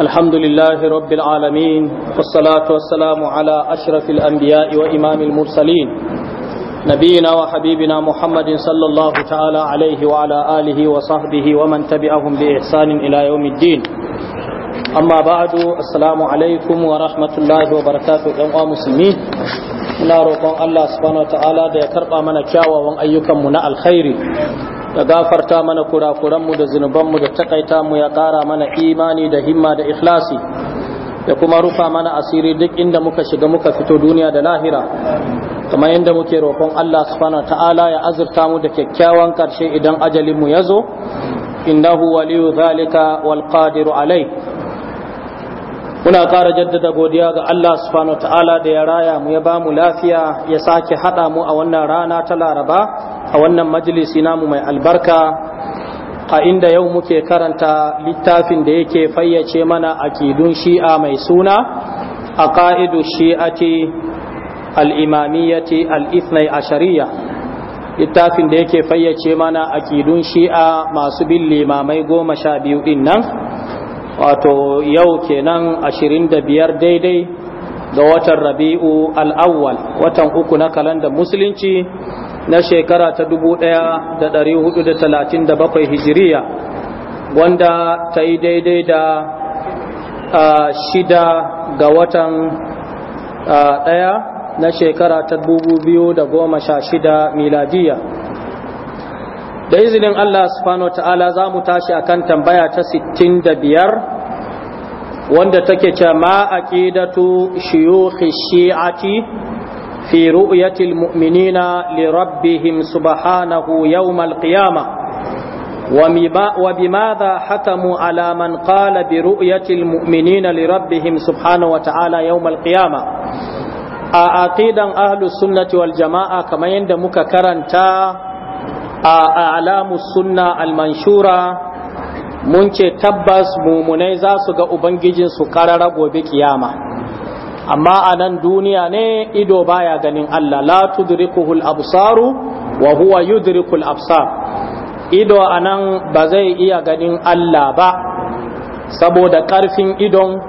الحمد لله رب العالمين والصلاة والسلام على أشرف الأنبياء وإمام المرسلين نبينا وحبيبنا محمد صلى الله تعالى عليه وعلى آله وصحبه ومن تبعهم بإحسان إلى يوم الدين amma ba'adu salamu alaikum wa rahmatullahi wa barakatuh dan uwa musulmi muna rokon Allah subhanahu wataala da ya karba mana kyawawan ayyukan mu na alkhairi da gafarta mana kurakuranmu da zunubanmu da takaita mu ya ƙara mana imani da himma da ikhlasi da kuma rufa mana asiri duk inda muka shiga muka fito duniya da lahira kamar yadda muke roƙon Allah subhanahu ta'ala ya azurta mu da kyakkyawan ƙarshe idan ajalinmu ya zo innahu waliyu zalika wal qadiru alai muna ƙara jaddada godiya ga Allah subhanahu ta'ala da ya raya mu ya ba mu lafiya ya sake haɗa mu a wannan rana ta laraba a wannan majalisi namu mai albarka a inda yau muke karanta littafin da yake fayyace mana a kidun shi'a mai suna a ƙa'idu shi'ati al'imamiyyati al'ithnai shari'a littafin da yake fayyace mana a kidun shi'a masu bin limamai goma sha biyu din nan wato yau kenan biyar daidai ga watan rabi'u al al'awwal watan uku na kalanda musulunci na shekara ta 1437 hijiriya wanda ta yi daidai da shida ga watan ɗaya na shekara ta 2016 miladiya da izinin Allah subhanahu ta'ala za mu tashi akan tambaya ta 65 wanda take ce ma aqidatu shuyukh shi'ati fi ru'yati almu'minina li rabbihim subhanahu yawm alqiyamah wa bimadha haka ala man qala bi ru'yati almu'minina li rabbihim subhanahu wa ta'ala yawm alqiyamah a aqidan ahlus sunnati wal jama'a kamar yadda muka karanta a alamu sunna almanshura mun ce tabbas mumunai za su ga ubangijinsu karara gobe kiyama amma a nan duniya ne ido baya ganin Allah la tudrikuhul absaru wa huwa yudrikul absar ido a nan ba zai iya ganin Allah ba saboda ƙarfin idon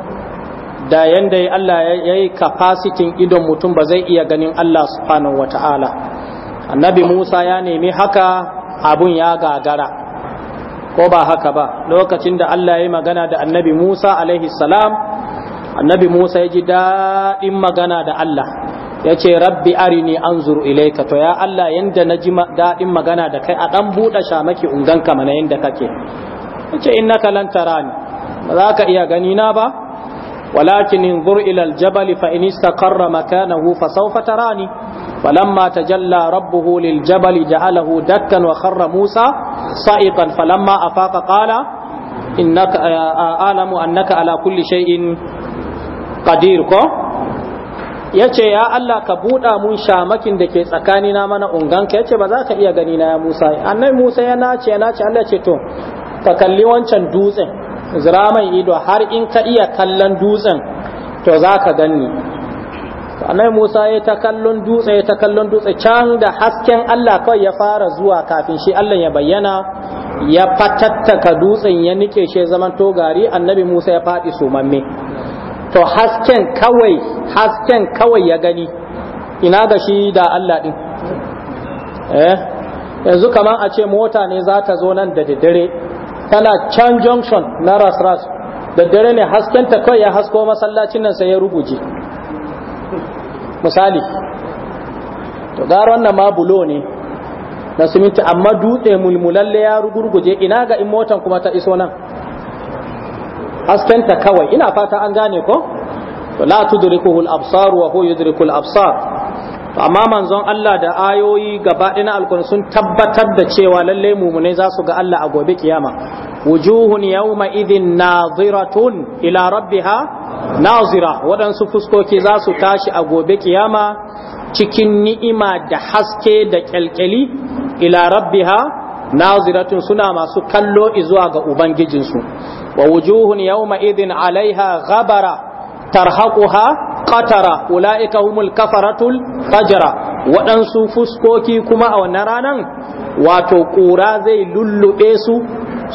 da yanda Allah ya yi kafasitin idon mutum ba zai iya ganin Allah subhanahu wata'ala annabi musa ya nemi haka abun ya gagara ko ba haka ba lokacin da allah ya yi magana da annabi musa alaihi salam annabi musa ya ji daɗin magana da allah ya ce rabbi arini zuru ilaika to ya allah yadda na ji daɗin magana da kai a ɗan buɗe shamaki unganka mana yanda kake ya ce in naka lantara ni, ba za ka iya gani na ba walakin inzur ila aljabal fa in istaqarra makanahu fa sawfa tarani فلما تجلى ربه للجبل جعله دكا وخر موسى صائقا فلما أفاق قال إنك أعلم أنك على كل شيء قدير yace ya Allah ka buɗa mun shamakin da ke tsakanina mana unganka yace ba za ka iya gani na ya Musa annabi Musa ya nace ya nace Allah ce to ka kalli wancan dutsen zira mai ido har in ka iya kallon dutsen to za ka ganni annai musa ya ta kallon dutse ya ta kallon dutse can da hasken allah kawai ya fara zuwa kafin shi allah ya bayyana ya fatattaka dutsen ya nike shi zaman to gari annabi musa ya faɗi sumamme to hasken kawai hasken kawai ya gani ina ga shi da allah ɗin eh yanzu kamar a ce mota ne za ta zo nan da daddare tana can junction na ras-ras da dare ne haskenta kawai ya hasko masallacin nan sai ya ruguje misali to gara wannan ma bulo ne na siminti amma dutse mulmulalle ya rugurguje ina ga in motan kuma ta iso nan haskenta kawai ina fata an gane ko la tudrikuhu al-absar wa huwa yudrikul absar amma manzon Allah da ayoyi gaba na alkur'ani sun tabbatar da cewa lalle mumune za su ga Allah a gobe kiyama wujuhun yawma idhin naziratun ila rabbiha nazira waɗansu fuskoki za su tashi a gobe kiyama cikin ni'ima da haske da kyalkyali ila rabbiha naziratun suna masu kallo zuwa ga ubangijinsu wa wujuhun yawma idhin alaiha ghabara tarhaquha qatara ulaika humul kafaratul fajra waɗansu fuskoki kuma a wannan ranan wato ƙura zai lullube su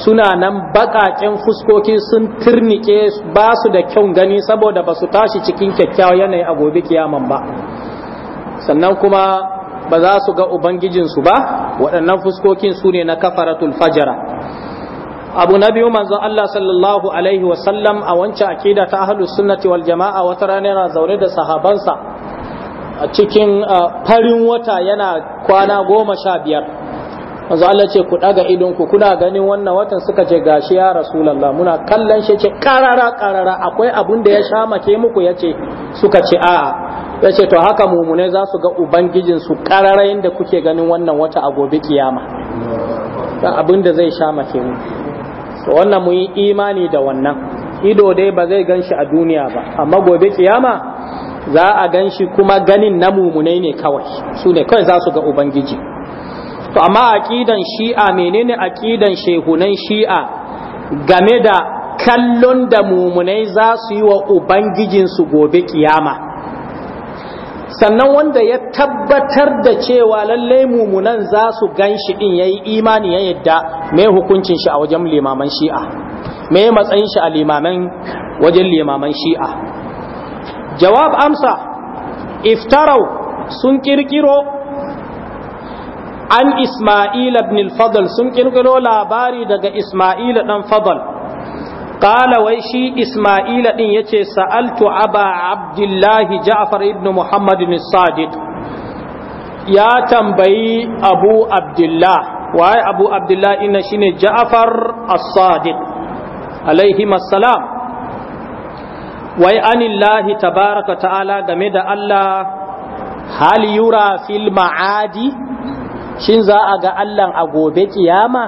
suna nan baƙaƙen fuskoki sun turnike ba su da kyau gani saboda ba su tashi cikin kyakkyawa yanayi a gobe kiyaman ba sannan kuma ba za su ga ubangijinsu ba waɗannan fuskokin su ne na kafaratul fajara abu na biyu manzon Allah sallallahu alaihi wasallam a wancan akida ta ahlus sunnati wal jama'a wata rana yana zaune da sahabansa a cikin farin wata yana kwana goma sha biyar manzon Allah ce ku daga idon ku kuna ganin wannan watan suka ce gashi ya rasulullah muna kallon shi ce karara karara akwai abun da ya sha make muku yace suka ce a'a yace to haka mumune za su ga ubangijin su karara da kuke ganin wannan wata a gobe kiyama abin da zai sha make to wannan mu yi imani da wannan ido dai ba zai ganshi a duniya ba amma gobe kiyama za a ganshi kuma ganin na mumunai ne kawai su ne kawai za su ga ubangiji to amma aqidan shi'a menene aqidan shehunan shi'a game da kallon da mumunai za su yi wa ubangijinsu gobe kiyama sannan wanda ya tabbatar da cewa lallai mumunan za su gan shi ɗin ya yi imani ya yadda mai hukuncin shi a wajen limaman shi'a mai matsayin shi a limaman wajen limaman shi'a jawab amsa iftarau sun kirkiro an isma'il ibn fadl sun kirkiro labari daga isma'il dan fadl qala wai shi isma'ila din yace sa'altu aba abdullahi ja'far ibn muhammad bin sadiq ya tambayi abu abdullah waye abu abdullah ina shine ja'far as-sadiq alaihi assalam wai anillahi tabaraka ta'ala game da Allah hal yura fil ma'adi shin za a ga Allah a gobe kiyama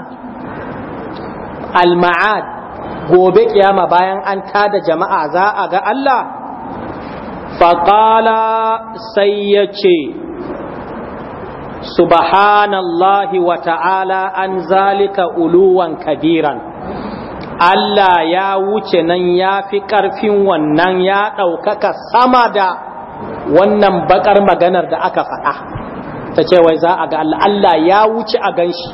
al-ma'ad gobe kiyama bayan an tada jama'a za a ga Allah faƙala sai ya ce subhanallahi wa ta'ala an zalika uluwan kabiran Allah ya wuce nan ya fi ƙarfin wannan ya ɗaukaka sama da wannan baƙar maganar da aka faɗa ta ce wai za a ga Allah Allah ya wuce a ganshi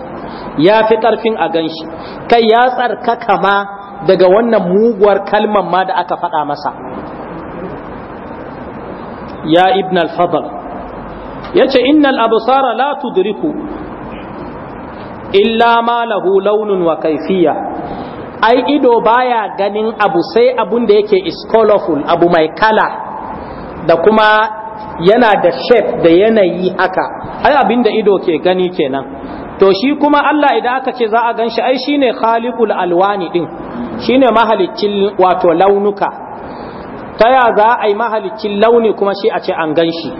ya fi ƙarfin a ganshi kai ya tsarkaka ma daga wannan muguwar kalmar ma da aka faɗa masa ya ibn al-fadl yace innal absara la tudriku illa ma lahu launun wa kaifiya ai ido baya ganin abu sai abun da yake is colorful abu mai kala da kuma yana da shape da yanayi haka ai abinda ido ke gani kenan to shi kuma Allah idan aka ce za a gan shi ai shine khaliqul alwani din shine mahalicin wato launuka ta ya za a yi mahalicin launi kuma shi a ce an gan shi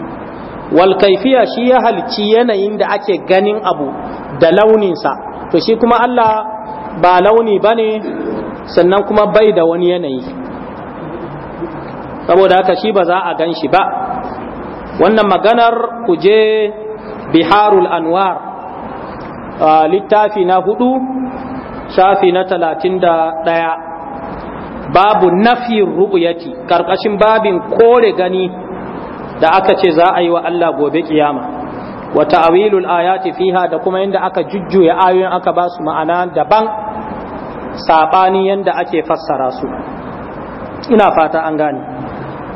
wal kaifiya shi ya halicci yanayin da ake ganin abu da launinsa to shi kuma Allah ba launi bane sannan kuma bai da wani yanayi saboda haka shi ba za a gan shi ba wannan maganar kuje biharul anwar littafi na hudu shafi na talatin da ɗaya babu nafi ru'uyati ƙarƙashin babin kore gani da aka ce za a yi wa Allah gobe kiyama wa ta'awilul ayati fiha da kuma yanda aka jujjuya ayoyin aka ba su ma'ana daban sabani yanda ake fassara su ina fata an gane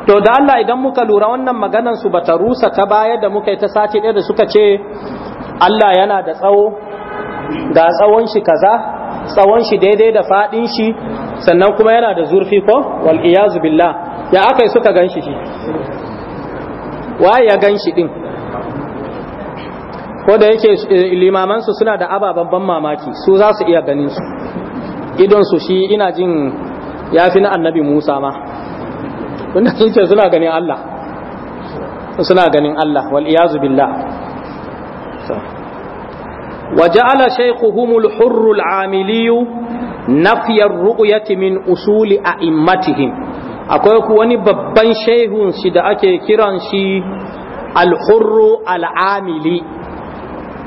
to da Allah idan muka lura wannan maganan su bata rusa ta baya da muka yi ta sace ɗaya da suka ce Allah yana da tsawo ga tsawon shi kaza tsawon shi daidai da fadin shi sannan kuma yana da zurfi ko wal iyazu billah ya aka suka ganshi shi waye ya ganshi din ko da yake eh, limaman su suna da ababen ban mamaki su za su iya ganin su idon su shi ina jin ya fi na annabi Musa ma Wannan sun ce suna ganin Allah suna ganin Allah wal iyazu billah وجعل شيخهم الحر العاملي نفي الرؤية من أصول أئمتهم akwai ku wani babban shehun shi da ake kiran shi alhurru al'amili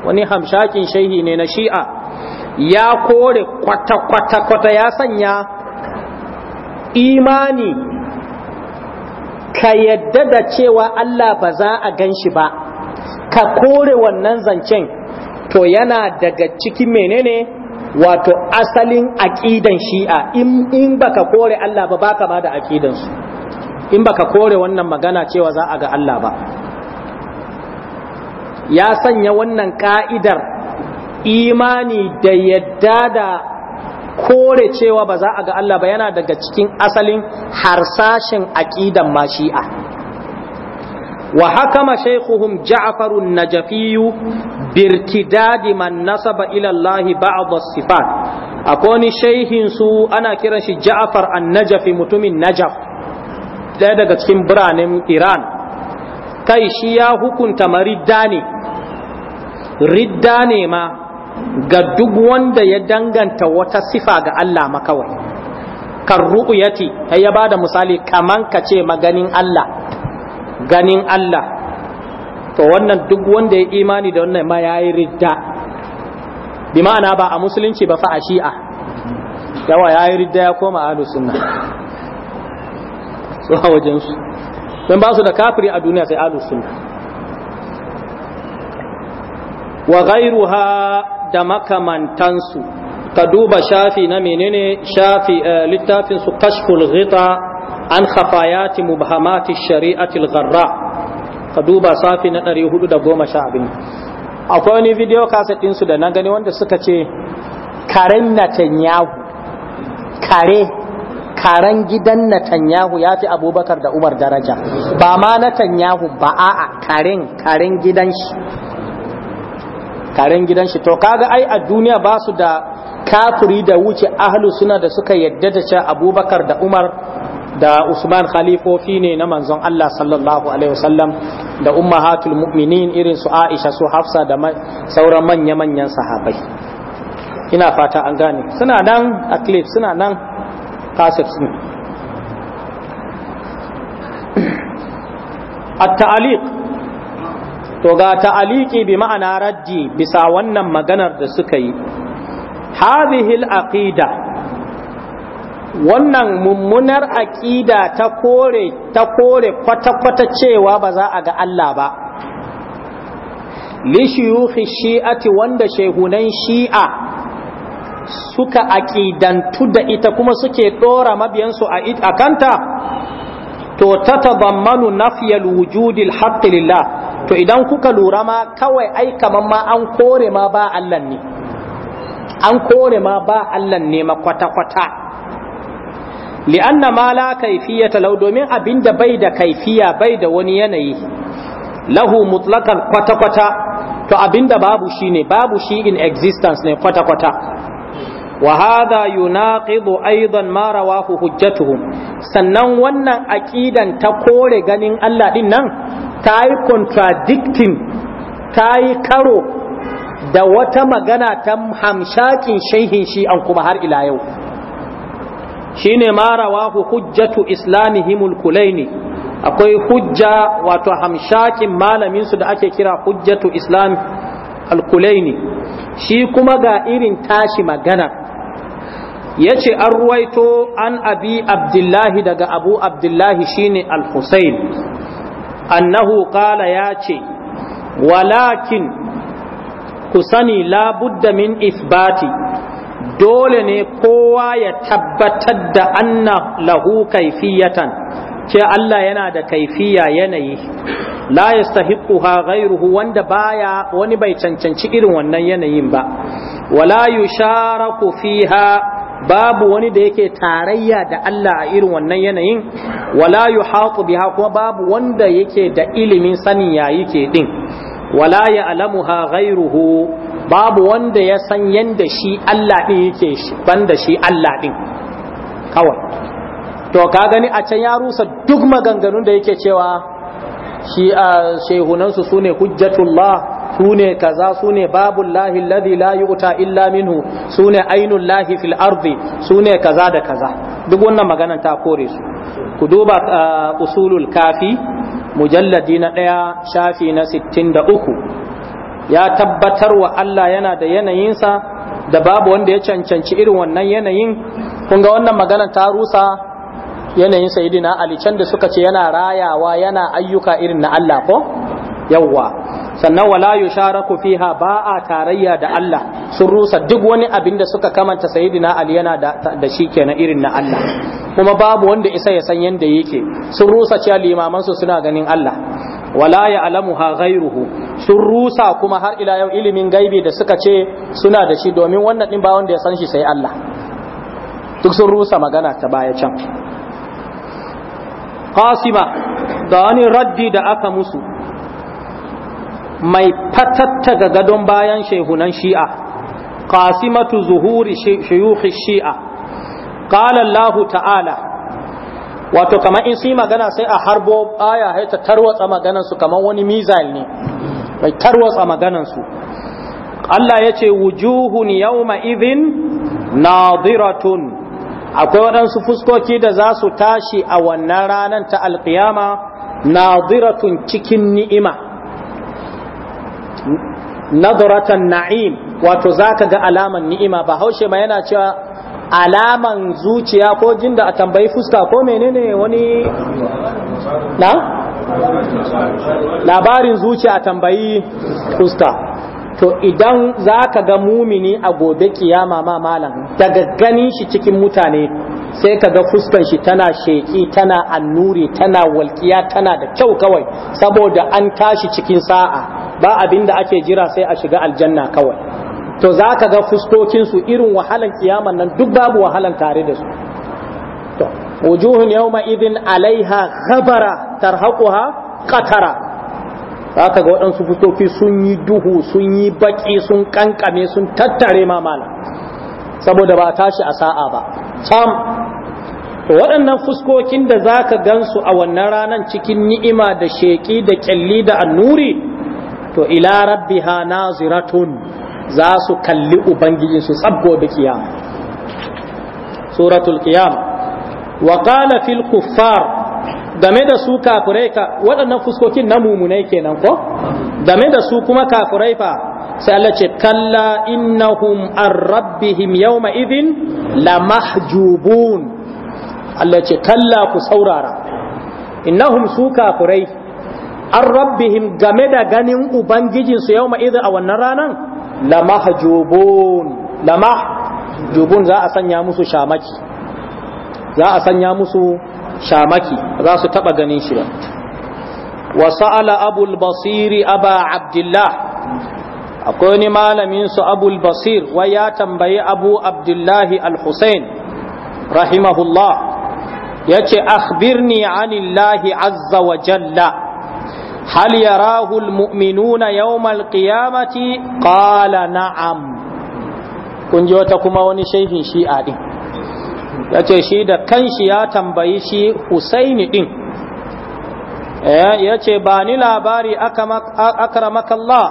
wani hamshakin shehi ne na shi'a ya kore kwata-kwata ya sanya imani ka yadda da cewa Allah ba za a ganshi ba ka kore wannan zancen to yana daga cikin menene wato asalin aqidan shi'a in in baka kore Allah ba baka ba da aqidan su in baka kore wannan magana cewa za a ga Allah ba ya sanya wannan ka'idar imani da yadda da kore cewa ba za a ga Allah ba yana daga cikin asalin harsashin aqidan shi'a. wa hakama shaykhuhum ja'far an-najafi birtidadi man nasaba ila ba ba'd as-sifat akwai shaykhin su ana kiran shi ja'far an-najafi mutumin najaf daya daga cikin biranen Iran kai shi ya hukunta maridda ne ridda ne ma ga duk wanda ya danganta wata sifa ga Allah makawai kan ru'yati ya da misali kaman kace maganin Allah ganin Allah to wannan duk wanda ya imani da wannan ma yi ridda bi ma'ana ba a musulunci ba fa a shi'a yawa yayi ridda ya koma ahlus sunna so a wajen su don ba su da kafiri a duniya sai ahlus sunna wa ghairuha da makamantansu ka duba shafi na menene shafi eh, littafin su kashful ghita an khafayati mubhamati shari'ati al-gharra ka duba safi na 410 akwai wani video kaset din su da na gani wanda suka ce karen tanyahu kare karen gidan tanyahu ya fi Abubakar da Umar daraja ba ma tanyahu ba a'a karen karen gidan shi karen gidan shi to kaga ai a duniya ba su da kafiri da wuce ahlu suna da suka yadda da cewa Abubakar da Umar da Usman khalifofi ne na manzon Allah sallallahu alaihi wasallam da ummahatul mu'minin irin su Aisha su Hafsa da sauran manya-manyan sahabai ina fata an gane suna nan a clip suna nan cassettes ne at-ta'aliq to ga ta'aliki bi ma'ana raddi bisa wannan maganar da suka yi hadhihi al-aqida wannan mummunar aƙida ta kore ta kore kwata-kwata cewa ba za a ga Allah ba lishiyuhi shi'ati wanda shehunan shi'a suka aƙidantu da ita kuma suke ɗora mabiyansu a kanta to ta tabammanu nafiyal wujudil haqqi lillah to idan kuka lura ma kawai ai kaman ma an kore ma ba Allah ne an kore ma ba Allah ne ma kwata-kwata li'anna ma la kaifiyata talau domin abinda bai da kaifiya bai da wani yanayi lahu mutlaqan kwata-kwata to abinda babu shi ne babu shi in existence ne kwata-kwata wa hadha yunaqidu aidan ma rawahu hujjatuhum sannan wannan aqidan ta kore ganin Allah din nan ta yi contradicting ta yi karo da wata magana ta hamshakin shehin shi an kuma har ila yau shine ma rawahu hujjatu islamihimul kulaini akwai hujja wato hamshakin malamin su da ake kira hujjatu islam al-kulaini shi kuma ga irin tashi magana yace an ruwaito an abi abdullahi daga abu abdullahi shine al-husayn annahu qala yace walakin ku sani labudda min isbati dole ne kowa ya tabbatar da anna lahu kaifiyatan ce Allah yana da kaifiya yanayi la yastahiquha ghayruhu wanda baya wani bai cancanci irin wannan yanayin ba wala yusharaku fiha babu wani da yake tarayya da Allah a irin wannan yanayin wala yuhatu biha kuma babu wanda yake da ilimin sanin ya yake din wala ya'lamuha ghayruhu babu wanda ya san yanda shi Allah ɗin yake shi banda shi Allah ɗin, kawai to ka gani a can ya rusa duk maganganun da yake cewa shi a shehunansu sune hujjatullah sune kaza sune babun lahi alladhi la yu'ta illa minhu sune ainul lahi fil ardi sune kaza da kaza duk wannan maganan ta kore su ku duba usulul kafi mujalladi na ɗaya shafi na 63 ya tabbatar wa Allah yana da yanayinsa da babu wanda ya cancanci irin wannan yanayin kun ga wannan maganar ta rusa yanayin sayidina Ali can da suka ce yana rayawa yana ayyuka irin na Allah ko yawwa sannan wala yusharaku fiha ba a tarayya da Allah sun rusa duk wani abin da suka kamanta sayidina Ali yana da, da shi kenan irin na Allah kuma babu wanda isa ya san yanda yake sun rusa cewa limaman su suna ganin Allah wala ya ha ghairuhu sun rusa kuma har ila yau ilimin gaibi da suka ce suna da shi domin wannan din ba wanda ya san shi sai Allah duk sun rusa magana ta baya can qasima da wani raddi da aka musu mai ga gadon bayan shehunan shi'a qasimatu zuhuri shuyukh shi'a qala Allah ta'ala wato kamar in su magana sai a harbo baya ta tarwatsa maganar su kamar wani mizal ne bai tarwatsa maganansu Allah ya ce wujuhun yawma idhin nadiratun akwai waɗansu fuskoki da za su tashi a wannan ranar ta alkiyama nadiratun cikin ni'ima nadaratan na'im wato zaka ga alaman ni'ima ba haushe ma yana cewa alaman zuciya ko jinda a tambayi fuska ko menene wani na labarin zuciya tambayi usta to idan za ka ga mumini a gobe kiyama ma malam daga ganin shi cikin mutane sai ka ga fuskan shi tana sheki tana annuri tana walkiya tana da kyau kawai saboda an tashi cikin sa'a ba abin da ake jira sai a shiga aljanna kawai to za ka ga fuskokinsu irin wahalan kiyaman nan duk babu wahalan tare da su wujuhun yauma idin alaiha ghabara tarhaquha qatara ga waɗansu fuskoki sun yi duhu sun yi baƙi sun kankame sun tattare mamala saboda ba tashi a sa'a ba sam waɗannan fuskokin da zaka gansu a wannan ranar cikin ni'ima da sheƙi da ƙyalli da annuri to ila na naziratun za su kalli ubangijinsu tsabgo da kiyama suratul qiyamah Waƙala qala fil kuffar game da su kafirai ka waɗannan fuskokin na mumunai kenan ko game da su kuma kafirai fa sai Allah ce kalla innahum an rabbihim yawma idin la mahjubun Allah ce kalla ku saurara innahum su kafirai an rabbihim game da ganin ubangijin su yawma idin a wannan ranan la mahjubun la mahjubun za a sanya musu shamaki za a sanya musu shamaki za su taba ganin shi ba wa sa'ala abul basiri aba abdullah akwai wani malamin su abul basir wai ya tambayi abu abdullahi al-husain rahimahullah ya ce akhbirni anillahi azza wa jalla هل يراه المؤمنون يوم القيامة na'am. نعم wata kuma wani shehin shi'a din ya ce shi da kanshi ya tambayi shi husaini ɗin eh, ya ce ba ni labari akramakallah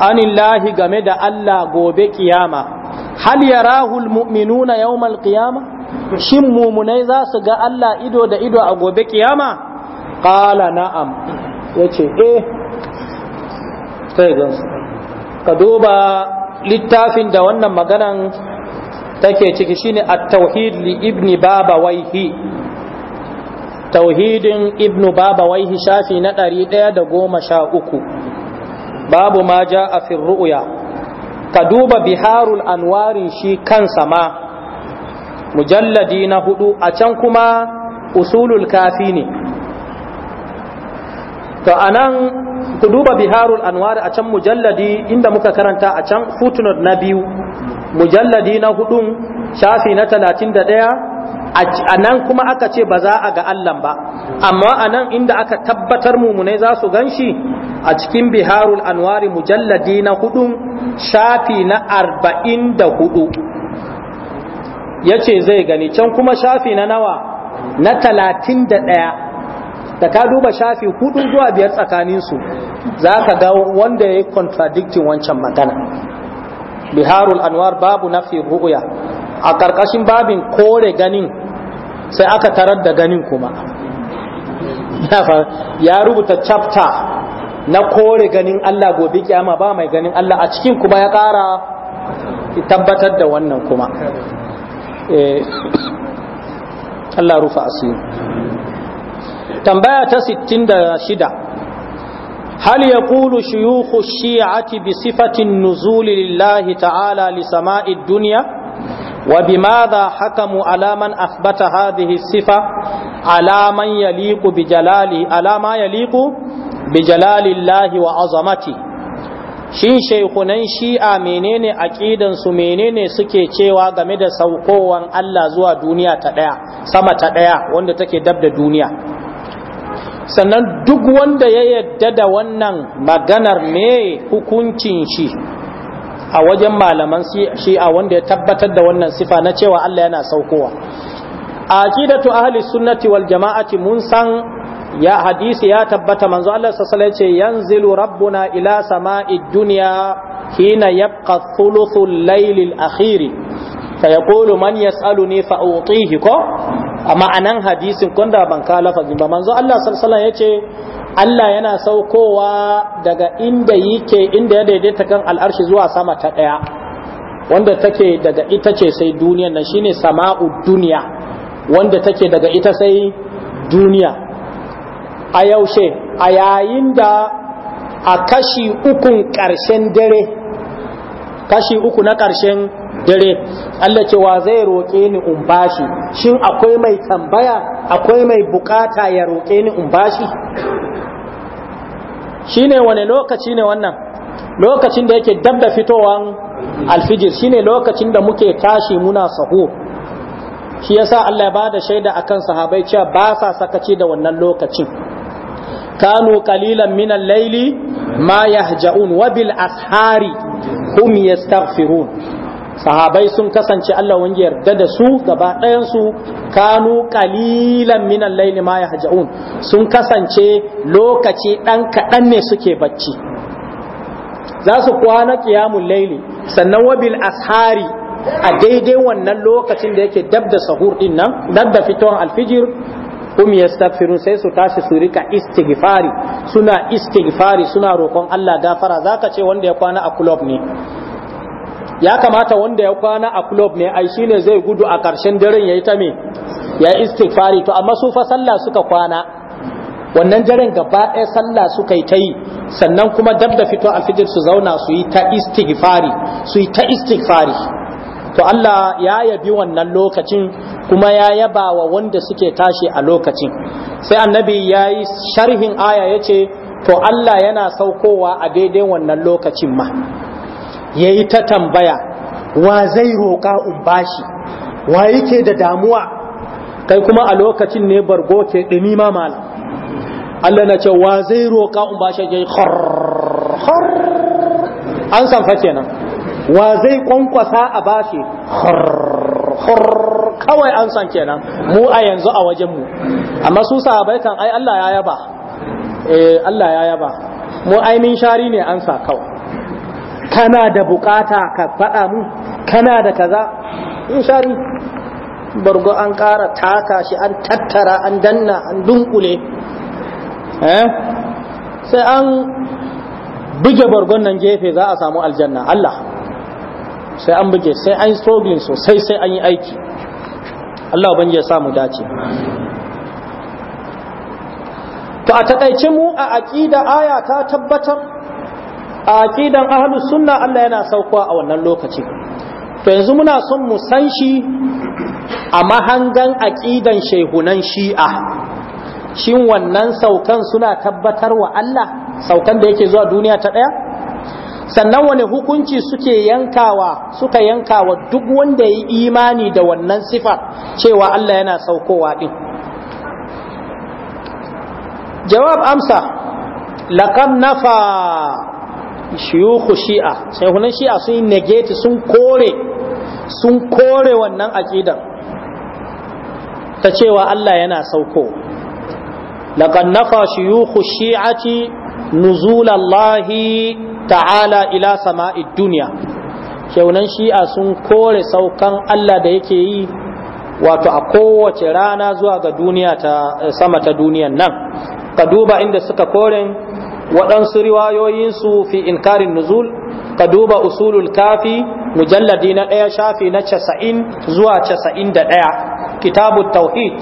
anillahi game da Allah gobe kiyama hal yarahul mu'minuna yawmal kiyama shin mumunai za su ga Allah ido da ido a gobe kiyama kala na'am yace eh ka duba littafin da wannan maganan take ciki shine at-tauhid li baba waihi tauhidin baba waihi shafi na 113 babu ma ja a ru'ya ka duba biharul anwarin shi kansa ma mujalladi na hudu a can kuma usulul kafi ne to anan ku duba biharul anwar a can mujalladi inda muka karanta a can footnote na biyu mujalladi na hudun shafi na talatin da ɗaya a nan kuma aka ce ba za a ga Allah ba amma a nan inda aka tabbatar mumunai za su gan shi a cikin biharul anwari mujalladi na hudun shafi na arba'in da hudu ya ce zai gani can kuma shafi na nawa na talatin da ɗaya da ka duba shafi hudu zuwa biyar tsakaninsu za ka ga wanda ya yi contradicting wancan magana biharul anwar babu nafi ru'ya a karkashin babin kore ganin sai aka tarar da ganin kuma ya rubuta chapter na kore ganin Allah gobe kiyama ba mai ganin Allah a cikin kuma ya kara tabbatar da wannan kuma eh, Allah rufa asiri tambaya ta 66 هل يقول شيوخ الشيعة بصفة النزول لله تعالى لسماء الدنيا وبماذا حكم على من أثبت هذه الصفة على من يليق بجلاله Alama yaliku يليق بجلال الله وعظمته Shin shaikunan shi'a menene aƙidansu menene suke cewa game da saukowan Allah zuwa duniya ta ɗaya, sama ta ɗaya wanda take dab da duniya. sannan duk wanda ya yadda da wannan maganar me hukuncin shi a wajen malaman shi a wanda ya tabbatar da wannan sifa na cewa Allah yana saukowa aqidatu ahli sunnati wal jama'ati mun san ya hadisi ya tabbata manzo Allah sallallahu alaihi ce yanzilu rabbuna ila sama'i dunya hina yabqa thuluthul laylil akhir fa yaqulu man yas'aluni fa utihi ko a ma'anan hadisin kunda ban ka lafazin ba manzo Allah sallallahu alaihi yace Allah yana saukowa daga inda yake inda ya daidaita kan al'arshi zuwa sama ta daya wanda take daga ita ce sai duniyar nan shine sama'u duniya wanda take daga ita sai duniya a yaushe a yayin da a kashi ukun ƙarshen dare kashi uku na ƙarshen dare Allah ce wa zai roƙe ni in bashi shin akwai mai tambaya akwai mai bukata ya roƙe ni in bashi shine wane lokaci ne wannan lokacin da yake dab fitowan alfijir shine lokacin da muke tashi muna sahu shi yasa Allah ya bada shaida akan sahabai cewa ba sa sakaci da wannan lokacin kanu qalilan min al-laili ma yahja'un wa bil ashari hum yastaghfirun sahabai sun kasance Allah wani yarda da su gaba ɗayansu kanu ƙalilan minan laili ma ya haja'un sun kasance lokaci ɗan kaɗan ne suke bacci za su kwana ƙiyamun laili sannan wabil ashari a daidai wannan lokacin da yake dab da sahur ɗin nan dab da fitowar alfijir hum yastaghfirun sai su tashi su rika istighfari suna istighfari suna roƙon Allah gafara zaka ce wanda ya kwana a club ne ya kamata wanda ya kwana a club ne ai shine zai gudu a ƙarshen daren yayi ta me ya istighfari to amma su fa sallah suka kwana wannan daren gaba ɗaya sallah suka yi ta yi sannan kuma dab fito a fijir su zauna su yi ta istighfari su yi ta istighfari to Allah ya yabi wannan lokacin kuma ya yaba wa wanda suke tashi a lokacin sai annabi ya yi sharhin aya ya ce to Allah yana saukowa a daidai wannan lokacin ma ya yi ta tambaya wa zai roƙa in bashi wa yake da damuwa kai kuma a lokacin ne bargo ke ɗumi ma malam. Allah na ce wa zai roƙa in bashi ya yi har an sanfa kenan wa zai kwankwasa a bashi har kawai an san kenan mu a yanzu a wajen mu amma su sahabai kan ai Allah ya yaba eh, Allah ya yaba mu ai min shari ne an sa kawai kana da bukata ka faɗa mu kana da kaza in shari bargo an ƙara taka shi an tattara an danna an dunkule eh? sai an buge bargon nan gefe za a samu aljanna Allah sai an buge sai an struggling sosai sai an yi aiki Allah ban ya samu dace to a takaice mu a aƙida aya ta tabbatar a aƙidan ahlu sunna Allah yana saukowa a wannan lokaci to yanzu muna son mu san shi a mahangan aqidan shehunan shi'a shin wannan saukan suna tabbatar wa Allah saukan da yake zuwa duniya ta ɗaya? sannan wani hukunci suke yankawa suka yankawa duk wanda ya imani da wannan sifar cewa Allah yana saukowa din jawab amsa laqad nafa shiyuhu shi'a shehunan shi'a sun negate sun kore sun kore wannan aƙidar ta cewa Allah yana sauko laqad nafa shiyuhu shi'ati nuzulallahi ta'ala ila sama'id dunya shehunan shi'a sun kore saukan Allah da yake yi wato a kowace rana zuwa ga duniya ta sama ta duniyan nan ka duba inda suka kore. waɗansu riwayoyinsu fi inkarin nuzul ka duba usulul kafi mujalladi na ɗaya shafi na casa'in zuwa casa'in da ɗaya kitabu tauhid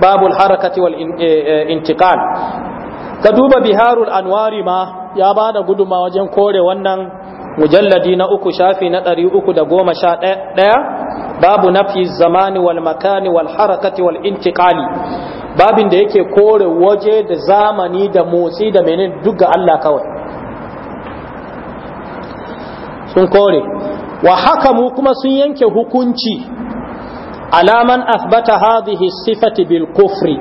babul harakati wal eh, eh, ka duba biharul anwari ma ya ba da guduma wajen kore wannan mujalladi na uku shafi na ɗari uku da goma sha ɗaya babu nafi zamani wal makani wal harakati wal intiqali babin da yake kore waje da zamani da motsi da menene duk ga Allah kawai sun kore wa mu kuma sun yanke hukunci alaman asbata hadhihi sifati bil kufri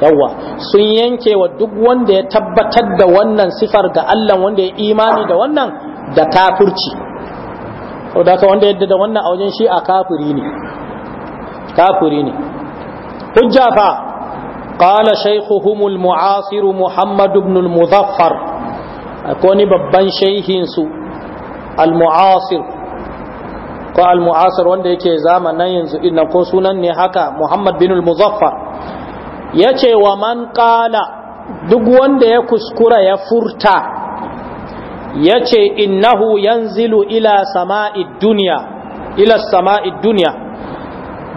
yawa sun yanke wa duk wanda ya tabbatar da wannan sifar ga Allah wanda ya imani da wannan da kafirci saboda wanda yadda da wannan a wajen shi a kafuri ne kafiri ne hujja fa qala muasir muhammad ibn al-muzaffar ni babban shaykhin su al-mu'asir ko al-mu'asir wanda yake zamanin yanzu dinnan ko sunan ne haka muhammad bin al-muzaffar yace wa man qala duk wanda ya kuskura ya furta ya ce innahu yanzilu ila sama'id duniya ila sama'id duniya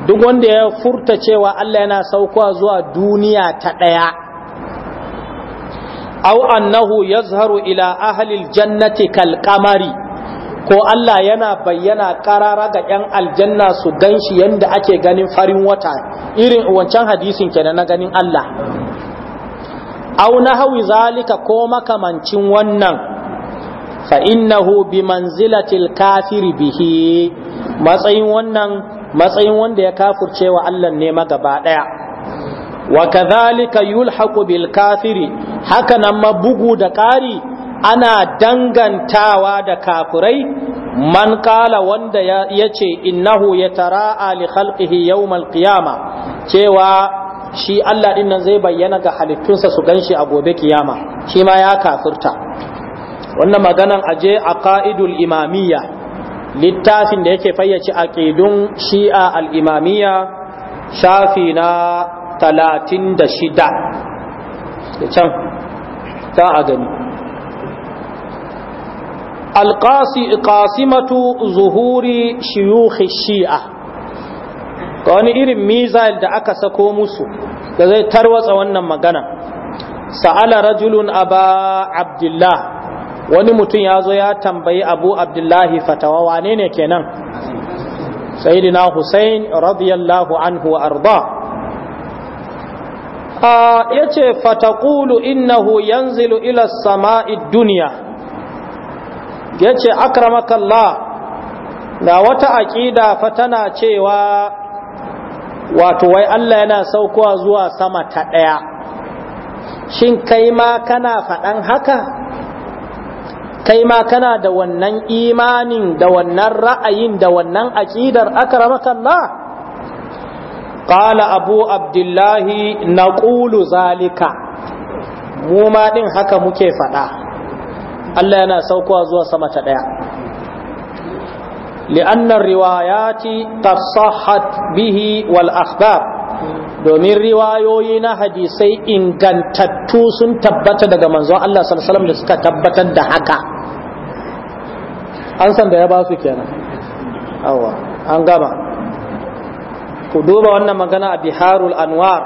duk wanda ya furta cewa Allah yana saukowa zuwa duniya ta daya. au annahu yazharu ila ahlil jannati kal ko Allah yana bayyana karara ga ‘yan aljanna su ganshi yanda ake ganin farin wata irin wancan hadisin kenan na ganin Allah au na zalika ko makamancin wannan fa innahu bi manzilatil kafiri bihi matsayin wannan matsayin wanda ya kafurce wa Allah ne magaba daya wa kadhalika yulhaqu bil kafiri haka nan mabugu da ƙari ana dangantawa da kafurai, man kala wanda ya ce innahu ya tara'a li khalqihi yawmal qiyama cewa shi Allah din zai bayyana ga halittunsa su ganshi a gobe kiyama shi ma ya kafirta wannan maganan aje a ka'idul imamiyya littafin da yake fayyace aƙidun shi'a al'imamiyya shafi na talatin da shida da can ta a gani alƙasimatu zuhuri shiyuhi shi'a ga wani irin mizal da aka sako musu da zai tarwatsa wannan magana sa'ala rajulun aba abdullah wani mutum ya zo ya tambayi abu abdullahi fatawa wane ne kenan sayyidina hussein radiyallahu anhu wa A ya ce fatakulu innahu yanzilu ila sama'id duniya ya ce akramakallah da wata aƙida fa tana cewa wato wai Allah yana saukowa zuwa sama ta ɗaya shin kai ma kana faɗan haka kai ma kana da wannan imanin da wannan ra'ayin da wannan aqidar akramakallah qala abu abdullahi naqulu zalika mu ma din haka muke faɗa Allah yana saukowa zuwa sama ta ɗaya li'anna riwayati tasahhat bihi wal akhbar domin riwayoyi na hadisai ingantattu sun tabbata daga manzon Allah sallallahu alaihi wasallam da suka tabbatar da haka an san da ya ba su kenan awa an gama ku duba wannan magana a biharul anwar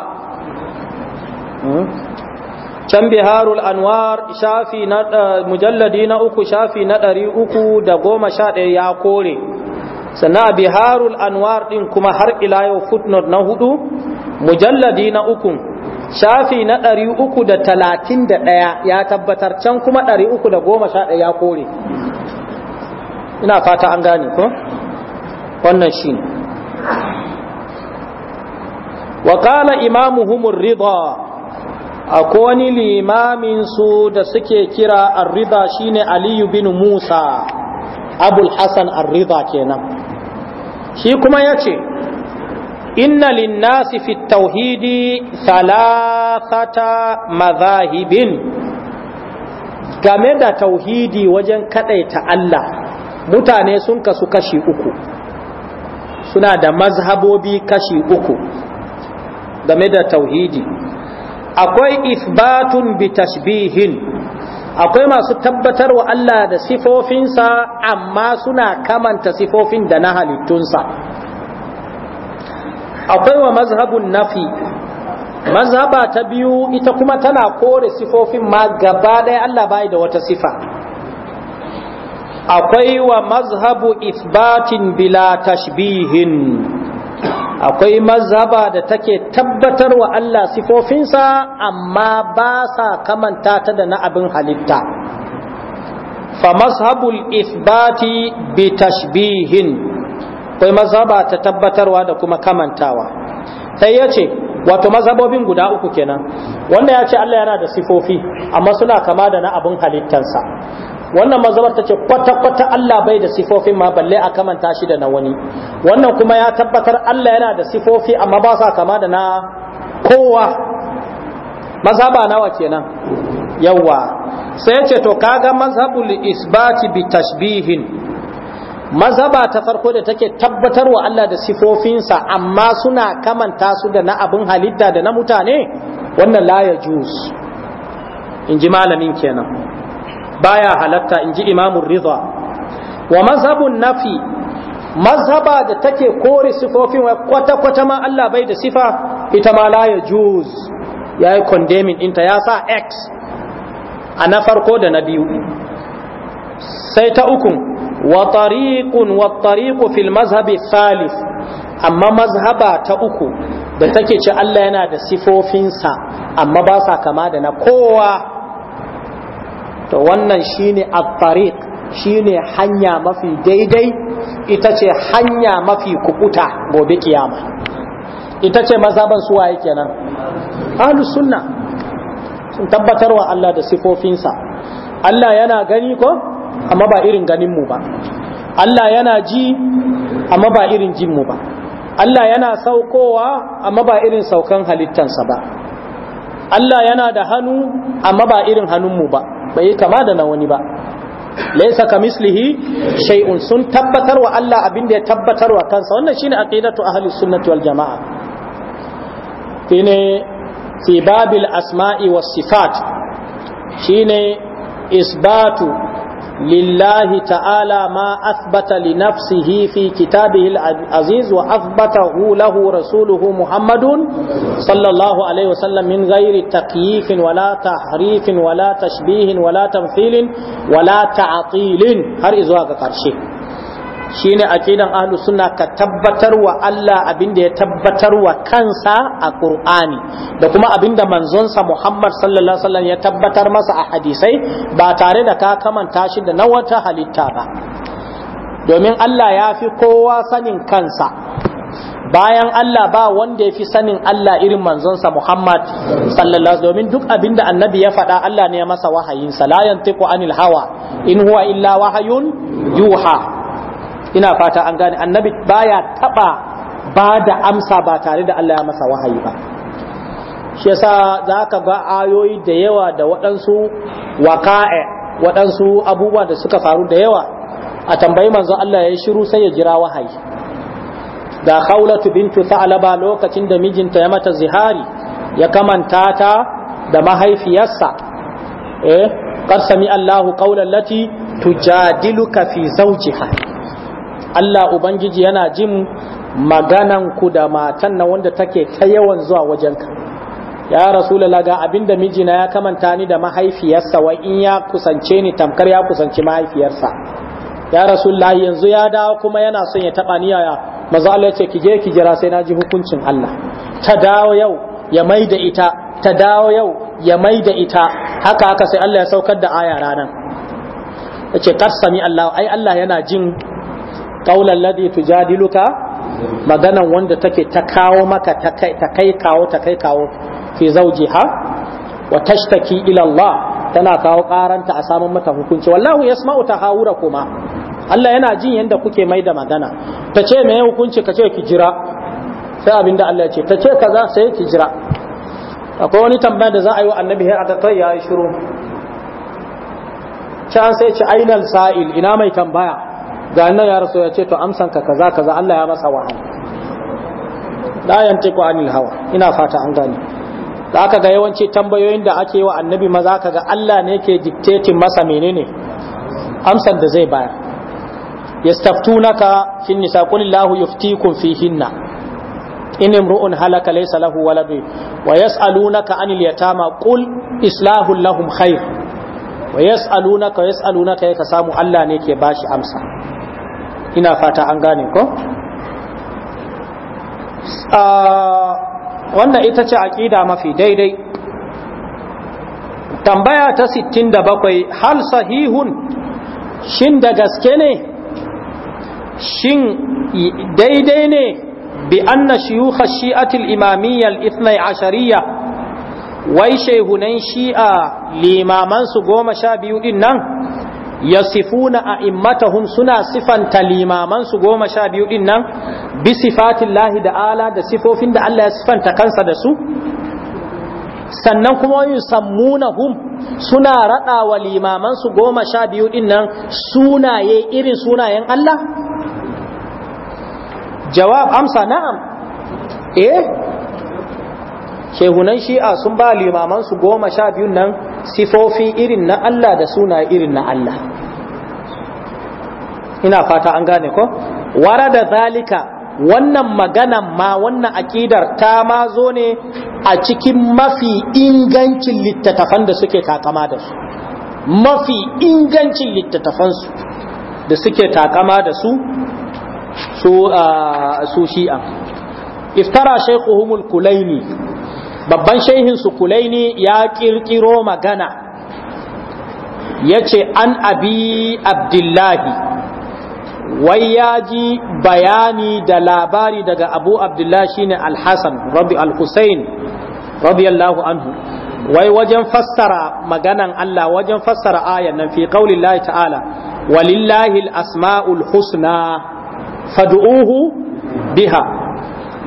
hmm? can biharul anwar shafi na eh, mujalladi na uku shafi na ɗari uku da goma sha ɗaya ya kore sannan a biharul anwar din kuma har ila yau footnote na hudu mujalladi na uku shafi na ɗari uku da talatin da ɗaya ya tabbatar can kuma ɗari uku da goma sha ɗaya ya kore ina fata an gane ko wannan shi ne wa imamu humur rida akwai wani limamin su da suke kira arriba shine aliyu bin musa abul hasan ar kenan shi kuma yace inna linnasi fi tauhidi thalathata mazahibin. game da tauhidi wajen kadaita Allah mutane sun kasu kashi uku suna da mazhabobi kashi uku game da tauhidi akwai isbatun bi tashbihin akwai masu tabbatar wa Allah da sifofinsa amma suna kamanta sifofin da na halittunsa akwai wa mazhabun nafi mazhaba ta biyu ita kuma tana kore sifofin ma gaba ɗaya Allah bai da wata sifa akwai wa mazhabu isbatin bila tashbihin akwai mazhaba da take tabbatar wa Allah sifofinsa amma ba sa kamanta ta da na abin halitta fa mazhabul isbati bi tashbihin akwai mazhaba ta tabbatarwa da kuma kamantawa sai ya ce wato mazhabobin guda uku kenan wanda ya ce Allah yana da sifofi amma suna kama da na abin halittansa wannan ta ce kwata kwata Allah bai da sifofin ma balle a kamanta shi da na wani wannan kuma ya tabbatar Allah yana da sifofi amma ba sa kama da na kowa mazaba nawa kenan yawa sai ce to kaga mazhabul isbati bi tashbihin mazaba ta farko da take wa Allah da sifofinsa amma suna kamanta su da na abin halitta da na mutane wannan la juz in ji malamin kenan baya halatta in ji imamun riza wa mazhabun nafi mazhaba da take kore sifofin wa kwata-kwata ma Allah bai da sifa ita ma la ya ya yi condemning inta ya sa x a na farko da na biyu sai ta ukun wa tariqun wa tariqu fil mazhabi Salif, amma mazhaba ta uku da take ce Allah yana da sifofinsa amma ba sa kama da na kowa to wannan shine at-tariq shine hanya mafi daidai ita ce hanya mafi kukuta gobe kiyama ita ce mazaban yake nan. ahlus sunna sun tabbatarwa Allah da sifofinsa Allah yana gani ko amma ba irin ganin mu ba Allah yana ji amma ba irin jin mu ba Allah yana saukowa amma ba irin saukan halittansa ba Allah yana da hannu amma ba irin hannun mu ba bai yi kama da na wani ba laysa kamislihi shay'un sun tabbatar wa Allah abin da ya tabbatar wa kansa wannan shine aqidatu ahli sunnati wal jamaa shine fi babil asma'i was sifat shine isbatu لله تعالى ما أثبت لنفسه في كتابه العزيز وأثبته له رسوله محمد صلى الله عليه وسلم من غير تقييف ولا تحريف ولا تشبيه ولا تمثيل ولا تعطيل هر إزواء كارشي shine aqidan ahlu suna ka tabbatar wa Allah abin da ya tabbatar wa kansa a ƙur'ani da kuma abin da manzonsa Muhammad sallallahu alaihi wasallam ya tabbatar masa a hadisai ba tare da ka kamanta shi da na wata halitta ba domin Allah ya fi kowa sanin kansa bayan Allah ba wanda ya fi sanin Allah irin manzonsa Muhammad sallallahu alaihi domin duk abin da annabi ya faɗa Allah ne ya masa hawa in illa wahayun yuha ina fata an gane annabi baya taba ba da amsa ba tare da Allah ya masa wahayi ba shi yasa za ga ayoyi da yawa da waɗansu waka'a waɗansu abubuwa da suka faru da yawa a tambayi manzo Allah ya shiru sai ya jira wahayi da khawlatu bintu tha'laba lokacin da mijinta ya mata zihari ya kamanta ta da mahaifiyarsa eh qad sami Allahu qawlan lati tujadiluka fi zawjiha Allah Ubangiji yana jin maganan ku da matan na wanda take ta yawan zuwa wajenka ya rasulullah ga abinda mijina ya kamanta ni da mahaifiyarsa wai in ya kusance ni tamkar ya kusanci mahaifiyarsa ya rasulullah yanzu ya dawo kuma yana son ya taba ni ya maza Allah ce ki je ki jira sai na ji hukuncin Allah ta dawo yau ya mai da ita ta dawo yau ya mai da ita haka haka sai Allah ya saukar da aya ranan yace sami Allah ai Allah yana jin qawlan ladhi diluka. maganan wanda take ta kawo maka ta kai kawo ta kai kawo fi ha. wa tashtaki ila Allah tana kawo karanta a samun mata hukunci wallahu yasma'u tahawura kuma Allah yana jin yadda kuke mai da magana ta ce me hukunci ka ce ki jira sai abinda Allah ya ce ta ce ka kaza sai ki jira akwai wani tambaya da za a yi wa annabi har aka kai ya shiru can sai ce ainal sa'il ina mai tambaya ga nan ya rasu ya ce to amsan ka kaza kaza Allah ya masa wahala la yantiqu anil hawa ina fata an gane da aka ga yawanci tambayoyin da ake wa annabi maza ka ga Allah ne ke dictating masa menene amsan da zai bayar yastaftunaka fi nisa qul Allahu yuftikum fihinna in imru'un halaka laysa lahu waladu wa yas'alunaka anil yatama qul islahu lahum khair wa yas'alunaka yas'alunaka ka samu Allah ne ke bashi amsa ina fata an gane ko wannan ita ce aƙida mafi daidai tambaya ta 67 hal sahihun shin da gaske ne shin daidai ne bi anna shiyukha shi'atul imamiyyal ithnai ashariya wai shehunan shi'a limamansu goma sha biyu din nan yasifuna a'immatahum suna sifanta limamansu su goma sha biyu din nan bi lahi da ala da sifofin da Allah ya sifanta kansa da su sannan kuma yusammunahum suna rada wa limaman su goma sha biyu din nan sunaye irin sunayen Allah jawab amsa na'am eh shehunan shi'a sun ba limaman su goma sha biyu nan sifofi irin na Allah da suna irin na Allah ina fata an gane ko wara da zalika wannan maganan ma wannan akidar ta ma zo ne a cikin mafi ingancin littattafan da suke takama da su mafi ingancin littattafansu da suke takama da su su ah, shi'a iftara shaikuhumul kulaini babban shehin su kulaini ya kirkiro magana ya ce an abi abdullahi wai ya ji bayani da labari daga abu abdullahi shine alhassan rabi al-hussein radiyallahu anhu wai wajen fassara maganan Allah wajen fassara ayan nan fi qaulillahi ta'ala walillahi al-asma'ul husna fad'uhu biha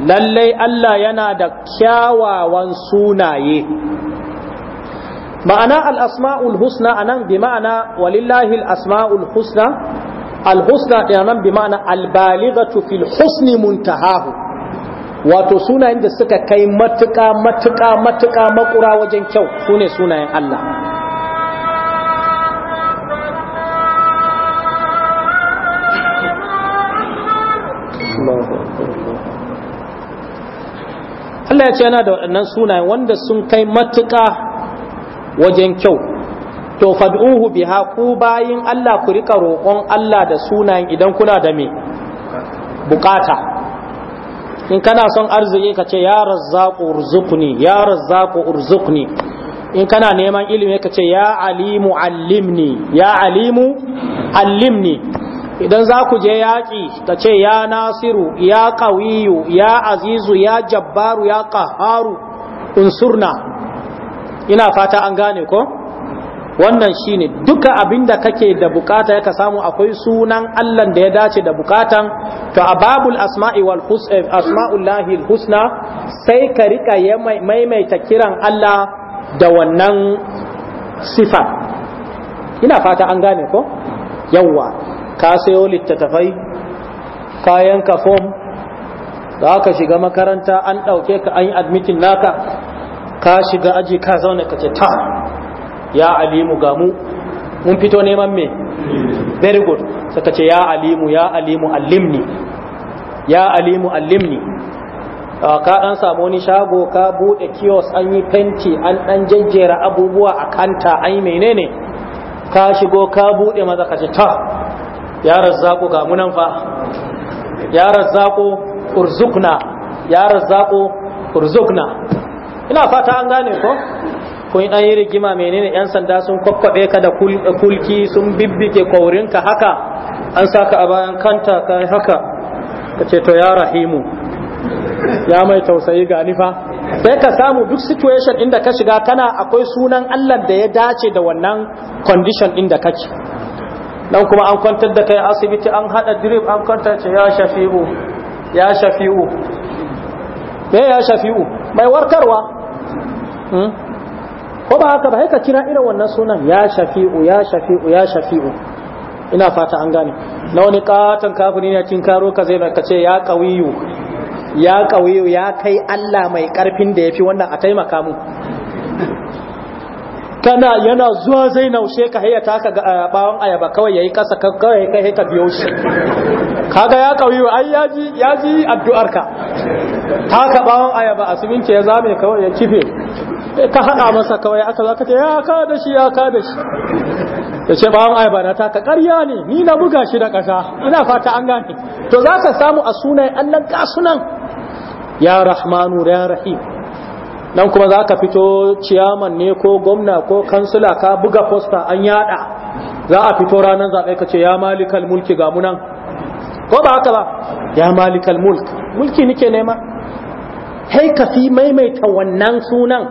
lallai Allah yana da kyawawan sunaye ma'ana al'asma'ul husna a nan bi ma'ana walillahi al'asma'ul husna al-husna a nan bi ma'ana albaligatu fil husni muntahahu wato sunayen da suka kai matuƙa matuƙa matuƙa makura wajen kyau su ne sunayen Allah Allah ya ce yana da waɗannan sunayen wanda sun kai matuƙa wajen kyau to fad'uhu biha ku bayin Allah ku rika roƙon Allah da sunayen idan kuna da me bukata in kana son arziki ka ce ya razzaqu urzuqni ya razzaqu urzuqni in kana neman ilimi ka ce ya alimu allimni ya alimu allimni idan za ku je yaƙi ka ce ya nasiru ya ƙawiyu ya azizu ya jabbaru ya ƙaharu unsurna ina fata an gane ko wannan shine duka abinda kake da bukata ka samu akwai sunan Allah da ya dace da bukatan to a babul asma'i wal eh, asma'ullahi husna sai ka rika maimaita kiran Allah da wannan sifa ina fata an gane ko yawwa ka sayo littattafai kayan ka fom za ka shiga makaranta an ɗauke ka an yi admitin naka ka shiga aji ka zaune ka ce ta ya alimu ga mu mun fito neman me very good saka ce ya alimu ya alimu allimni ya alimu allimni ka dan samu wani shago ka bude kiosk an yi fenti an dan jejjera abubuwa a kanta an yi menene ka shigo ka bude maza ka ce ta ya razzaku ga munan fa ya razzaku urzukna ya razzaku urzukna ina fata an gane ko kun dan yi rigima menene yan sanda sun kokkobe ka da kulki sun bibbike kaurinka haka an saka a bayan kanta ka haka kace to ya rahimu ya mai tausayi ga nifa sai ka samu duk situation inda ka shiga kana akwai sunan Allah da ya dace da wannan condition inda kake nan kuma an kwantar da kai asibiti an hada drip an kwantar ce ya shafi'u ya shafi'u me ya shafi'u mai warkarwa hmm? ko ba haka ba haika kira irin wannan sunan ya shafi'u ya shafi'u ya shafi'u ina fata an gane na wani katon kafiri ne cin karo ka zai ka ce ya kawiyu ya kawiyu ya kai Allah mai karfin da yafi wannan a taimaka mu kana yana zuwa zai naushe ka haya taka ga eh, bawon ayaba kawai yayi kasa kawai kai ka biyo shi kaga ya kauyo ai yaji yaji addu'ar ka taka bawon ayaba asibinci ya zame kawai ya kife ka hada masa kawai aka zaka ce ya ka da shi ya ka da shi ya ce bawon ayaba na taka ƙarya ne ni na buga shi da ƙasa ina fata an gane to zaka samu a sunan annan kasunan ya rahmanu ya rahim nan kuma za ka fito ciyaman ne ko gwamna ko kansula ka buga fosta an yada za a fito ranar zaɓe ka ce ya malikal mulki ga munan ko ba haka ba ya malikal mulk mulki nike nema hei ka fi maimaita wannan sunan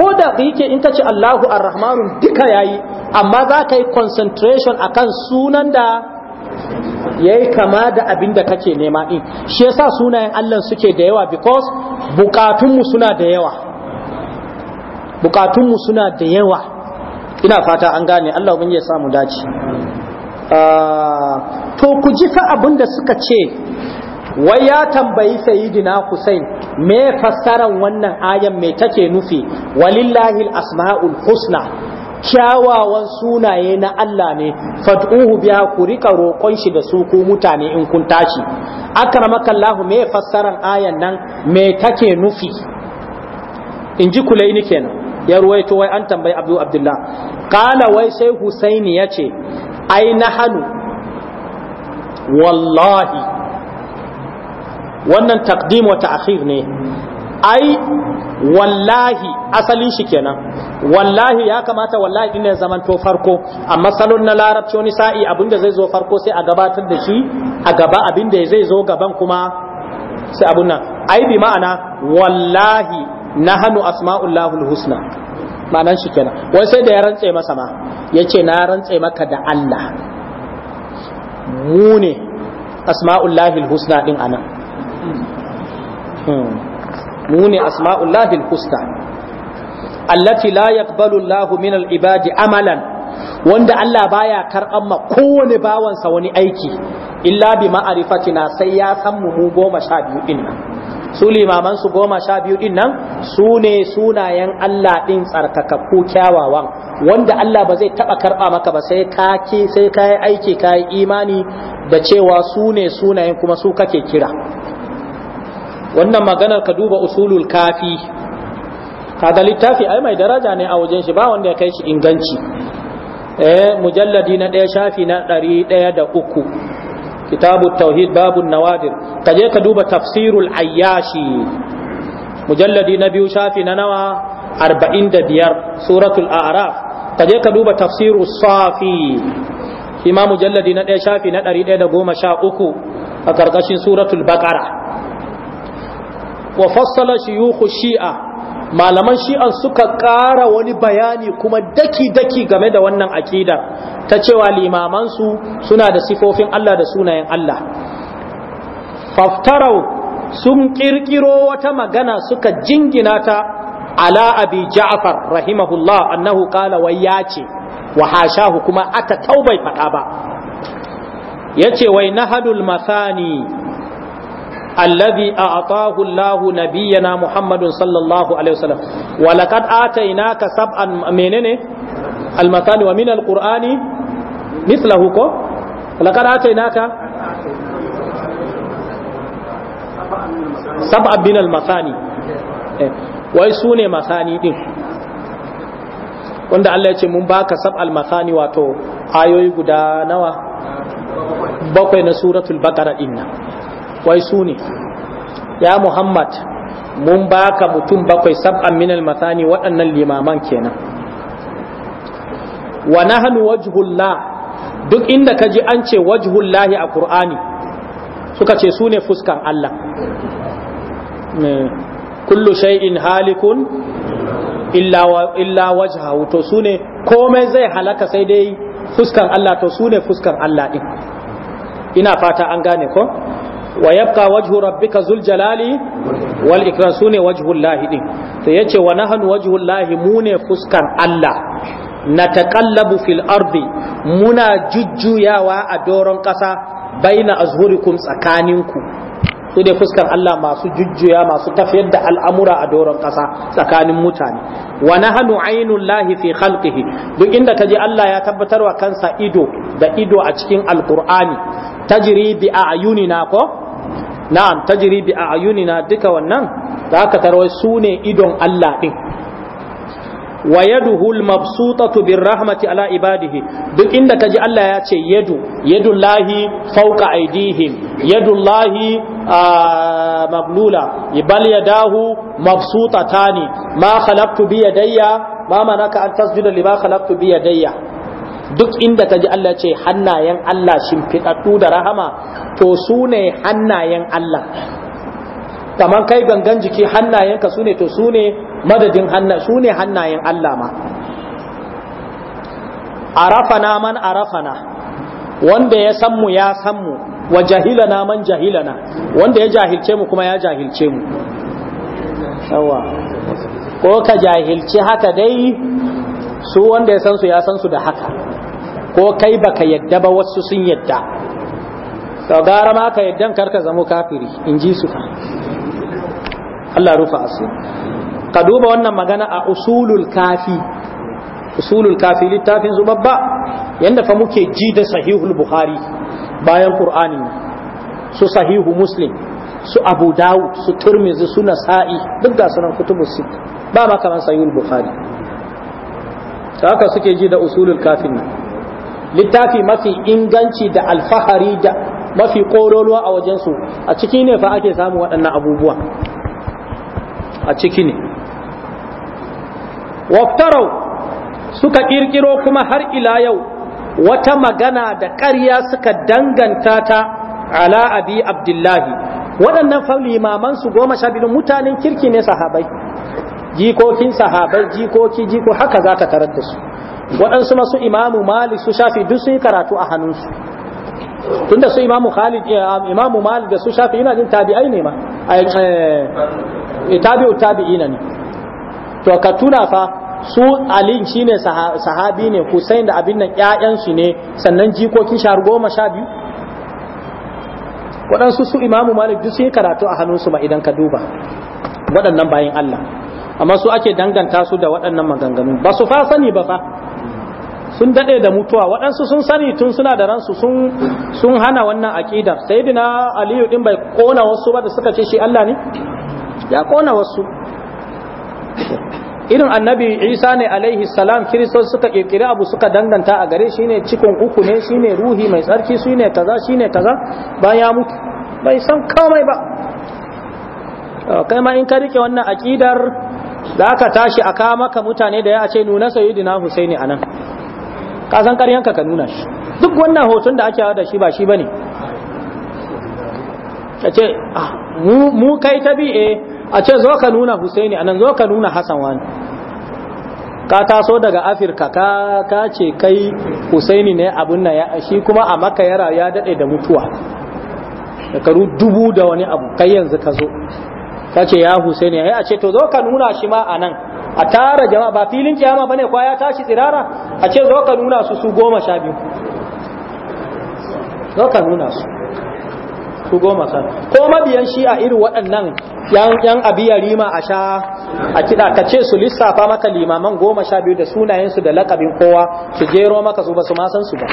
ko da ka yake in ka ce allahu arrahmanun duka yayi amma za ka yi concentration akan sunan da yayi kama da abin da kake nema din shi yasa sunayen Allah suke da yawa because bukatunmu suna da yawa bukatunmu suna da yawa ina fata an gane Allah ya samu dace ah, to ku ji fa abin da suka ce wai ya tambayi sayidina Hussein me fassaran wannan ayan me take nufi walillahil asmaul husna kyawawan sunaye na Allah ne fatuhu biya ku rika roƙon shi da su ku mutane in kun tashi akramaka Allah me fassaran ayan nan me take nufi in ji kulaini kenan ya ruwaito wai an tambayi Abu Abdullah qala wai sai Husaini yace ai nahanu wallahi wannan taqdim wa ta'khir ne ai wallahi asalin shi kenan wallahi ya kamata wallahi din ya zaman to farko amma salon na larabci wani sa'i abinda zai zo farko sai a gabatar da shi a gaba abinda zai zo gaban kuma sai abun nan ai bi ma'ana wallahi nahanu asma'ullahul husna ma'anan shi kenan wai sai da ya rantse masa ma yace na rantse maka da Allah mu ne asma'ullahil husna din anan hmm. Muni asma'ullah asma'ullahi husna allati la yaqbalu Allahu min al-ibadi amalan wanda Allah baya karɓar ma kowane bawansa wani aiki illa bi ma'rifatina sai ya san mu mu goma sha biyu din nan su limaman su goma sha biyu din nan su ne sunayen Allah din tsarkakakku kyawawan wanda Allah ba zai taɓa karɓa maka ba sai ka sai ka aiki ka imani da cewa su ne sunayen kuma su kake kira wannan maganar ka duba usulul kafi kaga littafi ai mai daraja ne a wajen shi ba wanda ya kai shi inganci eh mujalladi na ɗaya shafi na ɗari ɗaya da uku kitabu tauhid babu nawadir ka je ka duba tafsirul ayyashi mujalladi na biyu shafi na nawa arba'in da biyar suratul araf ka je ka duba Tafsiru safi shi ma mujalladi na ɗaya shafi na ɗari ɗaya da goma sha uku a ƙarƙashin suratul baƙara wa fassala shuyukhu shi'a malaman shi'an suka ƙara wani bayani kuma daki-daki game da wannan aƙidar ta cewa limamansu suna da sifofin Allah da sunayen Allah faftarau sun ƙirƙiro wata magana suka jingina ta ala abi ja'far rahimahullah annahu qala wai ya ce wa hashahu kuma aka taubai faɗa ba yace wai nahadul masani alladhi a'tahu Allah nabiyyana Muhammadun sallallahu alaihi wasallam wa laqad atainaka sab'an menene wa min alqur'ani mithlahu ko laqad atainaka sab'an min almathani wai sune wanda Allah ya ce mun baka sab'al mathani wato ayoyi guda nawa bakwai na suratul baqara dinna wai su ne ya muhammad mun baka mutum bakwai sab'an minal mathani waɗannan limaman kenan wa nahnu wajhullah duk inda ka ji an ce wajhullahi a qur'ani suka ce su ne fuskan Allah kullu shay'in halikun illa wajhahu to su ne komai zai halaka sai dai fuskan Allah to su ne fuskan Allah din ina fata an gane ko wa yabqa wajhu rabbika zul jalali wal ikram sune wajhul lahi din to yace wa hannu wajhul lahi mune fuskan Allah nataqallabu fil ardi muna jujjuyawa a doron kasa baina azhurikum tsakaninku su dai fuskan Allah masu jujjuya masu tafiyar da al'amura a doron kasa tsakanin mutane wa hannu ainul lahi fi khalqihi duk inda je Allah ya tabbatar wa kansa ido da ido a cikin alqur'ani tajri bi ayunina ko na'am tajri bi a'yunina duka wannan ka tarwai sune idon Allah ɗin. wa yaduhu al-mabsutatu bir rahmati ala ibadihi duk inda kaji Allah ya ce yadu yadullahi fawqa aydihim yadullahi maglula ibal yadahu mabsutatani ma khalaqtu bi yadayya ma manaka an tasjuda lima khalaqtu bi yadayya duk inda ka ji Allah ce hannayen Allah shimfiɗaɗɗu da rahama to su ne hannayen Allah kamar kai gangan jiki hannayenka su ne to su ne madadin su ne hannayen Allah ma arafana man arafana wanda ya san mu ya san mu wa jahilana man jahilana wanda ya jahilce mu kuma ya jahilce mu ko ka jahilci haka dai su wanda ya san su ya san su da haka ko kai baka yadda ba wasu sun yadda to gara ma ka yadda karka zamo kafiri in ji su Allah rufa asu ka duba wannan magana a usulul kafi usulul kafi littafin su ba. Yadda fa muke ji da sahihul bukhari bayan qur'ani su sahihu muslim su abu dawud su turmizi su nasa'i duk da sunan kutubu sit ba ma kaman sahihul bukhari haka suke ji da usulul kafin littafi mafi inganci da alfahari da mafi kololuwa a wajensu a ciki ne fa ake samu waɗannan abubuwa a ciki ne waftarau suka ƙirƙiro kuma har ila yau wata magana da ƙarya suka danganta ta ala abi abdullahi waɗannan falimaman su goma sha biyu mutanen kirki ne sahabai jikokin sahabai jikoki jiko haka za ka tarar da su waɗansu masu imamu malik su shafi duk sun yi karatu a hannunsu tunda su imamu khalid eh, imamu malik da su shafi yana jin tabi'ai ne ma eh, tabi'u tabi'ina ne to ka tuna fa su ali shine sahabi ne husain da abin nan ƴaƴan shi ne sannan jikokin shahar goma sha biyu waɗansu su imamu malik duk sun yi karatu a hannunsu ma idan ka duba waɗannan bayan Allah amma su ake danganta su da waɗannan maganganu ba su fa sani ba fa sun daɗe da mutuwa waɗansu sun sani tun suna da ransu sun hana wannan aƙidar sai dina aliyu ɗin bai kona wasu ba da suka ce shi Allah ne ya kona wasu irin annabi isa ne alaihi salam kiristos suka ƙirƙiri abu suka danganta a gare shi ne cikin uku ne shi ne ruhi mai tsarki shi ne kaza shi ne kaza bayan ya mutu bai san komai ba kai ma in ka riƙe wannan aƙidar za ka tashi a kawo maka mutane da ya ce nuna sayidina husaini a nan ka san ka ka nuna shi duk wannan hoton da ake hawa da shi ba shi ba ne. A ce ah, mu kai ta bi eh, a ce zo ka nuna Husaini anan zo ka nuna Hassan wani ka taso daga Afirka ka ce kai Husaini ne abun na ya shi kuma a maka ya ya daɗe da mutuwa shekaru dubu da wani abu kai yanzu ka zo ka ce ya Husaini a ce to zo ka nuna shi ma anan a tara jama'a ba filin kiyama bane kwa ya tashi tsirara a ce zo ka nuna su su goma sha biyu zo ka nuna su su goma sha ko mabiyan shi a irin waɗannan yan abiya rima a sha a kiɗa ka ce su lissafa maka limaman goma sha biyu da sunayensu da lakabin kowa su jero maka su ba su ma san su ba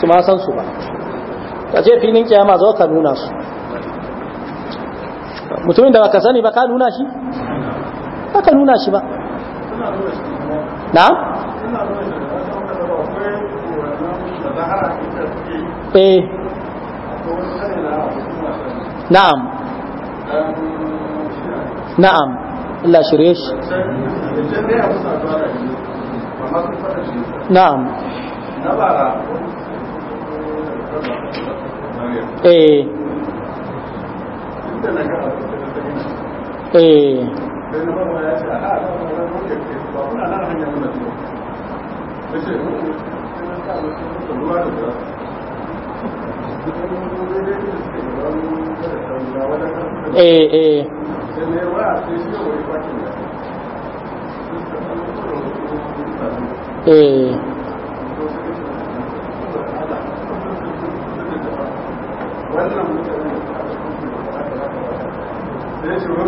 su ma san su ba ka ce filin kiyama zo ka nuna su mutumin da baka sani ba ka nuna shi ba ka nuna shi ba نعم إيه. نعم نعم لا شريش نعم ايه ايه sai na farwa ya ce a a ba ba ba ba kuna nan hanyar ce ce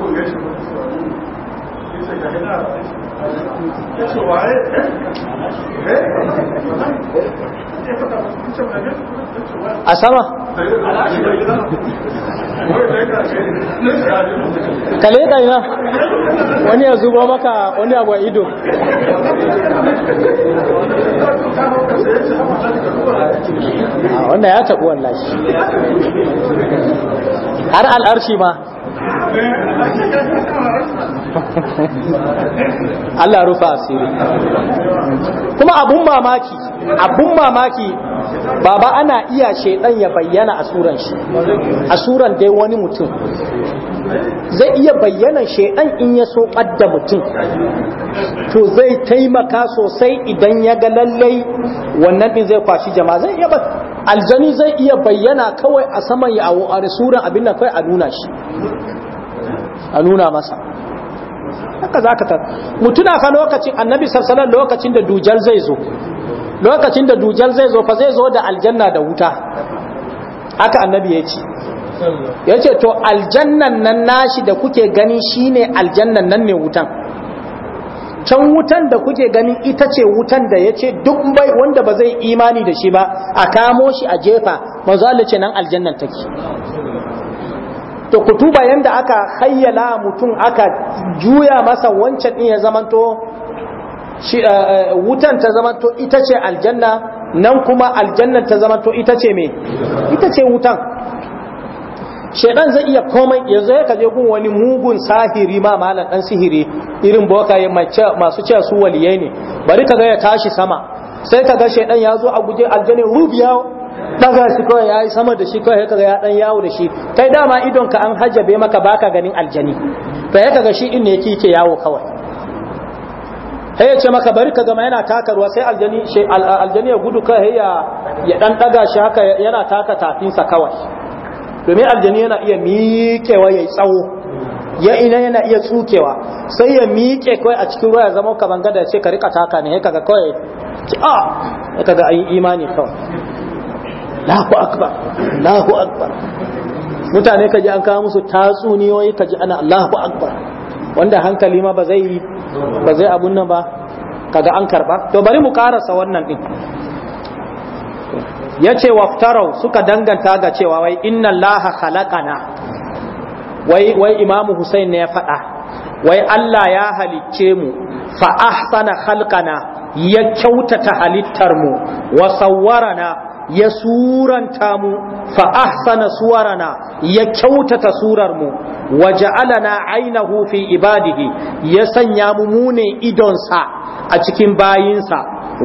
da da ba a sama kale ka na, wani ya zuba maka wani abu a ido wanda ya taɓu shi har al'arci ma Allah rufa asiri kuma abun mamaki abun mamaki baba ana iya shaidan ya bayyana a suran shi a suran dai wani mutum zai iya bayyana shaidan in ya so kadda mutum to zai taimaka sosai idan ya ga lallai wannan din zai kwashi jama'a zai iya aljani zai iya bayyana kawai a saman ya a suran abin nan kai a nuna shi a nuna masa haka za ka tara mutuna fa lokacin annabi sassanar lokacin da dujal zai zo lokacin da dujal zai zo fa zai zo da aljanna da wuta haka annabi ya ce ya ce to aljannan nan nashi da kuke gani shine aljannan nan ne wutan can wutan da kuke gani ita ce wutan da ya ce duk bai wanda ba zai imani da shi ba a kamo shi a jefa za ce nan aljannan take to kutuba yanda aka hayyala mutum aka juya masa wancan din ya zamanto shi eh, eh, wutan ta zamanto ita ce aljanna nan kuma aljannan ta zamanto ita ce me ita ce wutan shedan zai iya komai yanzu ya kaje gun wani mugun sahiri ma malan dan sihiri irin bokaye masu cewa su waliyai ne bari kaga ya tashi sama sai kaga shedan ya zo a guje aljanna rubiya daga shi kawai yayi sama da shi kawai kaga ya dan yawo da shi kai dama idon ka an hajjabe maka baka ganin aljani to ya kaga shi din yake yake yawo kawai sai ya ce maka bari ka gama yana taka ruwa sai aljani aljani ya gudu kai ya ya dan daga shi haka yana taka tafinsa kawai domin aljani yana iya miƙewa yayi tsawo ya ina yana iya tsukewa sai ya miƙe kawai a cikin ruwa ya zama ka banga da ce ka rika taka ne kaga kawai a ah! kaga ayi imani kawai Allahu akbar Allahu akbar mutane kaji an kawo musu tatsuniyoyi kaji ana Allahu akbar wanda hankali ma ba zai ba zai abun nan ba kaga an karba to bari mu karasa wannan din yace waftaru suka danganta ga cewa wai inna Laha khalaqana wai wai Imam Hussein ne ya faɗa wai Allah ya halicce mu fa ahsana khalqana ya kyautata halittar mu wa sawwarana ya suranta mu fa ahsana suwarana ya kyautata surar mu waja'alana ainahu fi ibadihi ya sanya mu mune idonsa a cikin bayinsa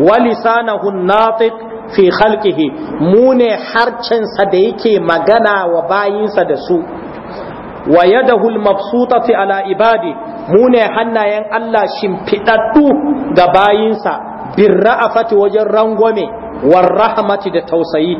walisanahu natiq fi khalqihi mune harcensa da yake magana wa bayinsa da su wa yadahu al ala ibadi mune hannayen Allah shimfidaddu ga bayinsa birra'afati wajen rangwame warrahmati da tausayi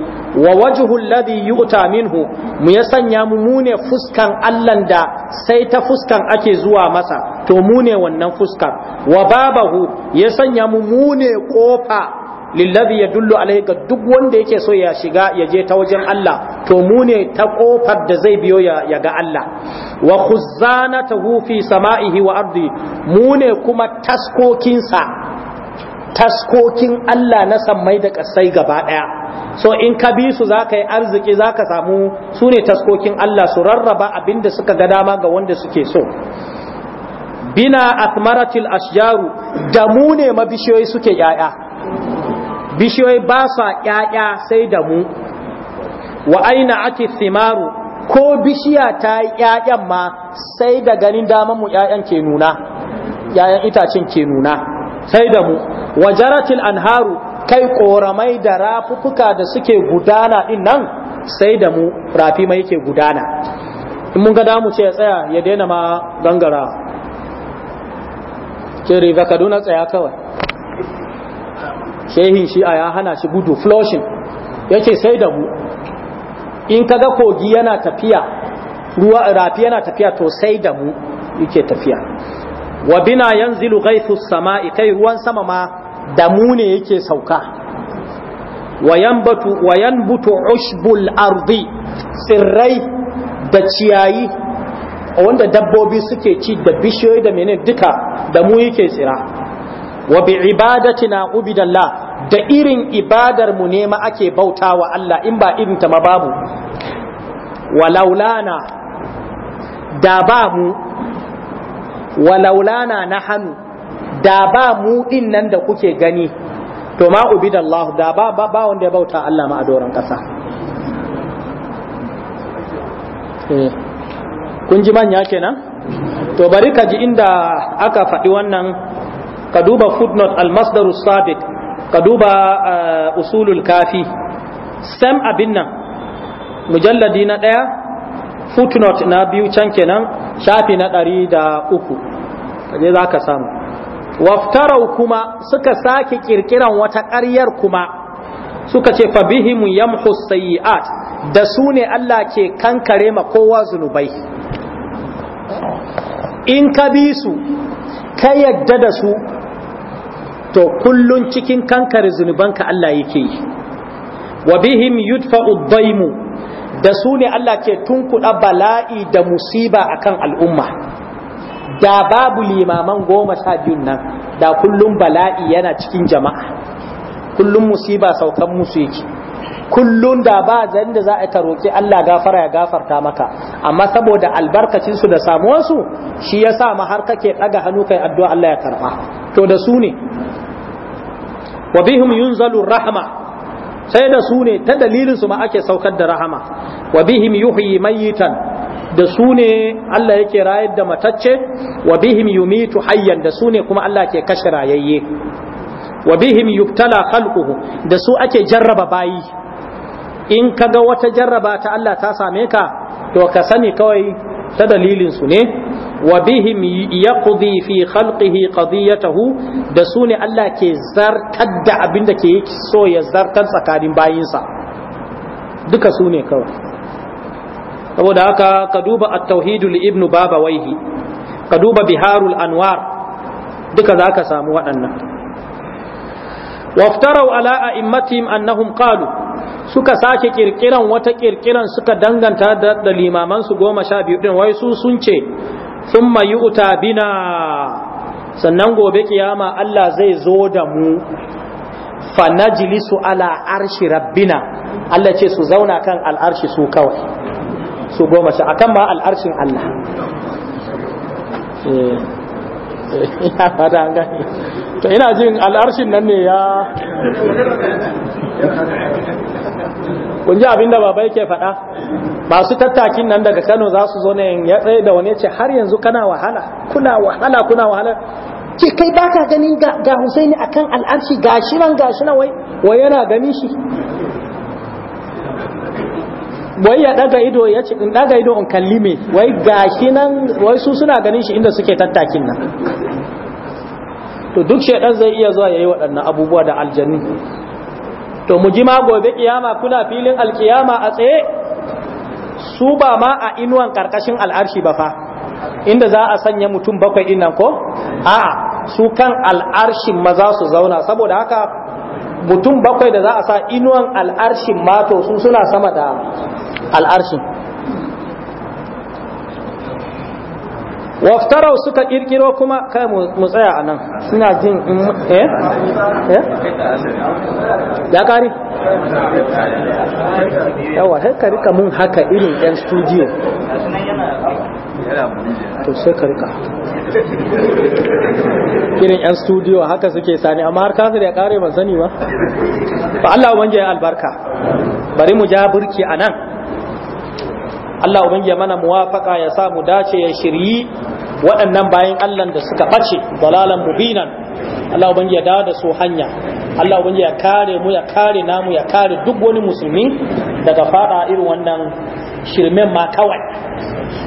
wa wajhu alladhi yu'ta minhu mu ya sanya mu mune fuskan Allah da sai ta fuskan ake zuwa masa to mune wannan fuskan wa babahu ya sanya mu mune kofa ya yadullu alai ga duk wanda yake so ya shiga ya je ta wajen Allah to mu ne ta kofar da zai biyo ya ga Allah wa khuzanatahu fi sama'ihi wa ardi mu ne kuma taskokinsa taskokin Allah na sammai da ƙasai gaba ɗaya so in ka bi su za ka yi arziki za ka samu su ne taskokin Allah su rarraba abin da suka ga dama ga wanda suke so bina athmaratil ashjaru damu ne ma bishiyoyi suke yaya bishiyoyi ba sa yaya sai damu wa aina ati thimaru ko bishiya ta yi yayan ma sai da ganin damanmu mu yayan ke nuna yayan itacen ke nuna sai da mu wajaratil anharu kai koramai da rafuffuka da suke gudana din nan sai da mu rafi mai yake gudana in mun ga damu ce ya tsaya ya daina ma gangara ke ga kaduna tsaya kawai shehin shi a ya hana shi gudu flushing yake sai da mu in kaga kogi yana tafiya ruwa rafi yana tafiya to sai da mu yake tafiya wa bina yanzilu ghaifu sama'i kai ruwan sama ma da mu ne yake sauka wa yanbatu wa yanbutu ushbul ardi sirrai da ciyayi wanda dabbobi suke ci da bishiyoyi da menene duka da mu yake tsira wa bi ibadatina ubidallah da irin ibadar mu ne ma ake bautawa Allah in ba irin ta ma babu walaulana da ba mu walaulana na hannu da ba mu din nan da kuke gani to ma ubi da ba ba wanda ya bauta Allah ma a doron kasa eh, kun ji manya kenan to bari ka ji inda aka faɗi wannan ka duba footnote al-masdaru sabit ka duba eh, usulul kafi sam abin nan mujalladi na ɗaya footnote na biyu can kenan shafi na ɗari da uku kaje za ka samu waftarau kuma suka sake kirkiran wata ƙaryar kuma suka ce fabihimu yamhu sayi'at, da su ne Allah ke kankare ma kowa zunubai in ka bi su ka yadda da su to kullun cikin kankare zunubanka Allah yake yi wa bihim yudfa'u daimu da su ne Allah ke tunkuɗa bala'i da musiba a kan al'umma da babu limaman goma sha biyun nan da kullum bala'i yana cikin jama'a kullum musiba saukan musu yake kullum da ba zan da za a ta roƙi Allah gafara ya gafarta maka amma saboda albarkacin su da samuwarsu shi ya sa ma har kake ɗaga hannu kai addu'a Allah ya karɓa to da su ne wa bihim yunzalu rahma sai da su ne ta dalilinsu ma ake saukar da rahama wa bihim yuhyi mayyitan da su ne Allah yake rayar da matacce wa bihim yumitu hayyan da su ne kuma Allah ke kashe rayayye wa bihim yubtala khalquhu da su ake jarraba bayi in kaga wata jarraba ta Allah ta same ka to ka sani kawai ta dalilin su ne wa bihim yaqdi fi khalqihi qadiyatahu da su ne Allah ke zartar da abin da ke so ya zartar tsakanin bayinsa duka su ne kawai saboda haka ka duba at-tauhidul ibnu babawaihi ka duba biharul anwar duka zaka samu waɗannan waftarau ala a'immatihim annahum qalu suka sake kirkiran wata kirkiran suka danganta da limaman su goma sha biyu din wai su sun ce sun thumma yu'ta bina sannan gobe kiyama Allah zai zo da mu fa najlisu ala arshi rabbina Allah ce su zauna kan al'arshi su kawai su goma sha akan ma al'arshin Allah eh. ya gani to ina jin al'arshin nan ne ya kun abin abinda baba yake fada masu tattakin nan daga kano za su zo ne ya tsaye da wani ce har yanzu kana wahala kuna wahala kuna wahala ce kai baka ganin ga husaini akan al'arshi gashi nan gashi nan wai wai yana gani shi wai ya daga ido ya ce in daga ido in kalli me wai gashi nan wai su suna ganin shi inda suke tattakin nan to duk shedan zai iya zuwa yayi waɗannan abubuwa da aljanni to mu ji ma gobe kiyama kuna filin alkiyama a tsaye su ba ma a inuwan karkashin al'arshi ba fa inda za a sanya mutum bakwai nan ko a'a su kan al'arshin maza su zauna saboda haka mutum bakwai da za a sa inuwan al'arshin mato su suna sama da al'arshin waftarau suka kirkiro kuma kai mu tsaya a nan suna jin eh? eh ya kari yawa haka rika mun haka irin yan studio to sai ka rika irin yan studio haka suke sani amma har kafir ya kare ban sani ba ba Allah wanje albarka bari mu ja burki a nan Allah ubangiji mana muwafaka ya sa mu dace ya shiryi waɗannan bayan Allah da suka ɓace dalalan mubinan Allah ubangiji ya dawo da su hanya Allah ubangiji ya kare mu ya kare namu ya kare duk wani musulmi daga fada irin wannan shirmen ma kawai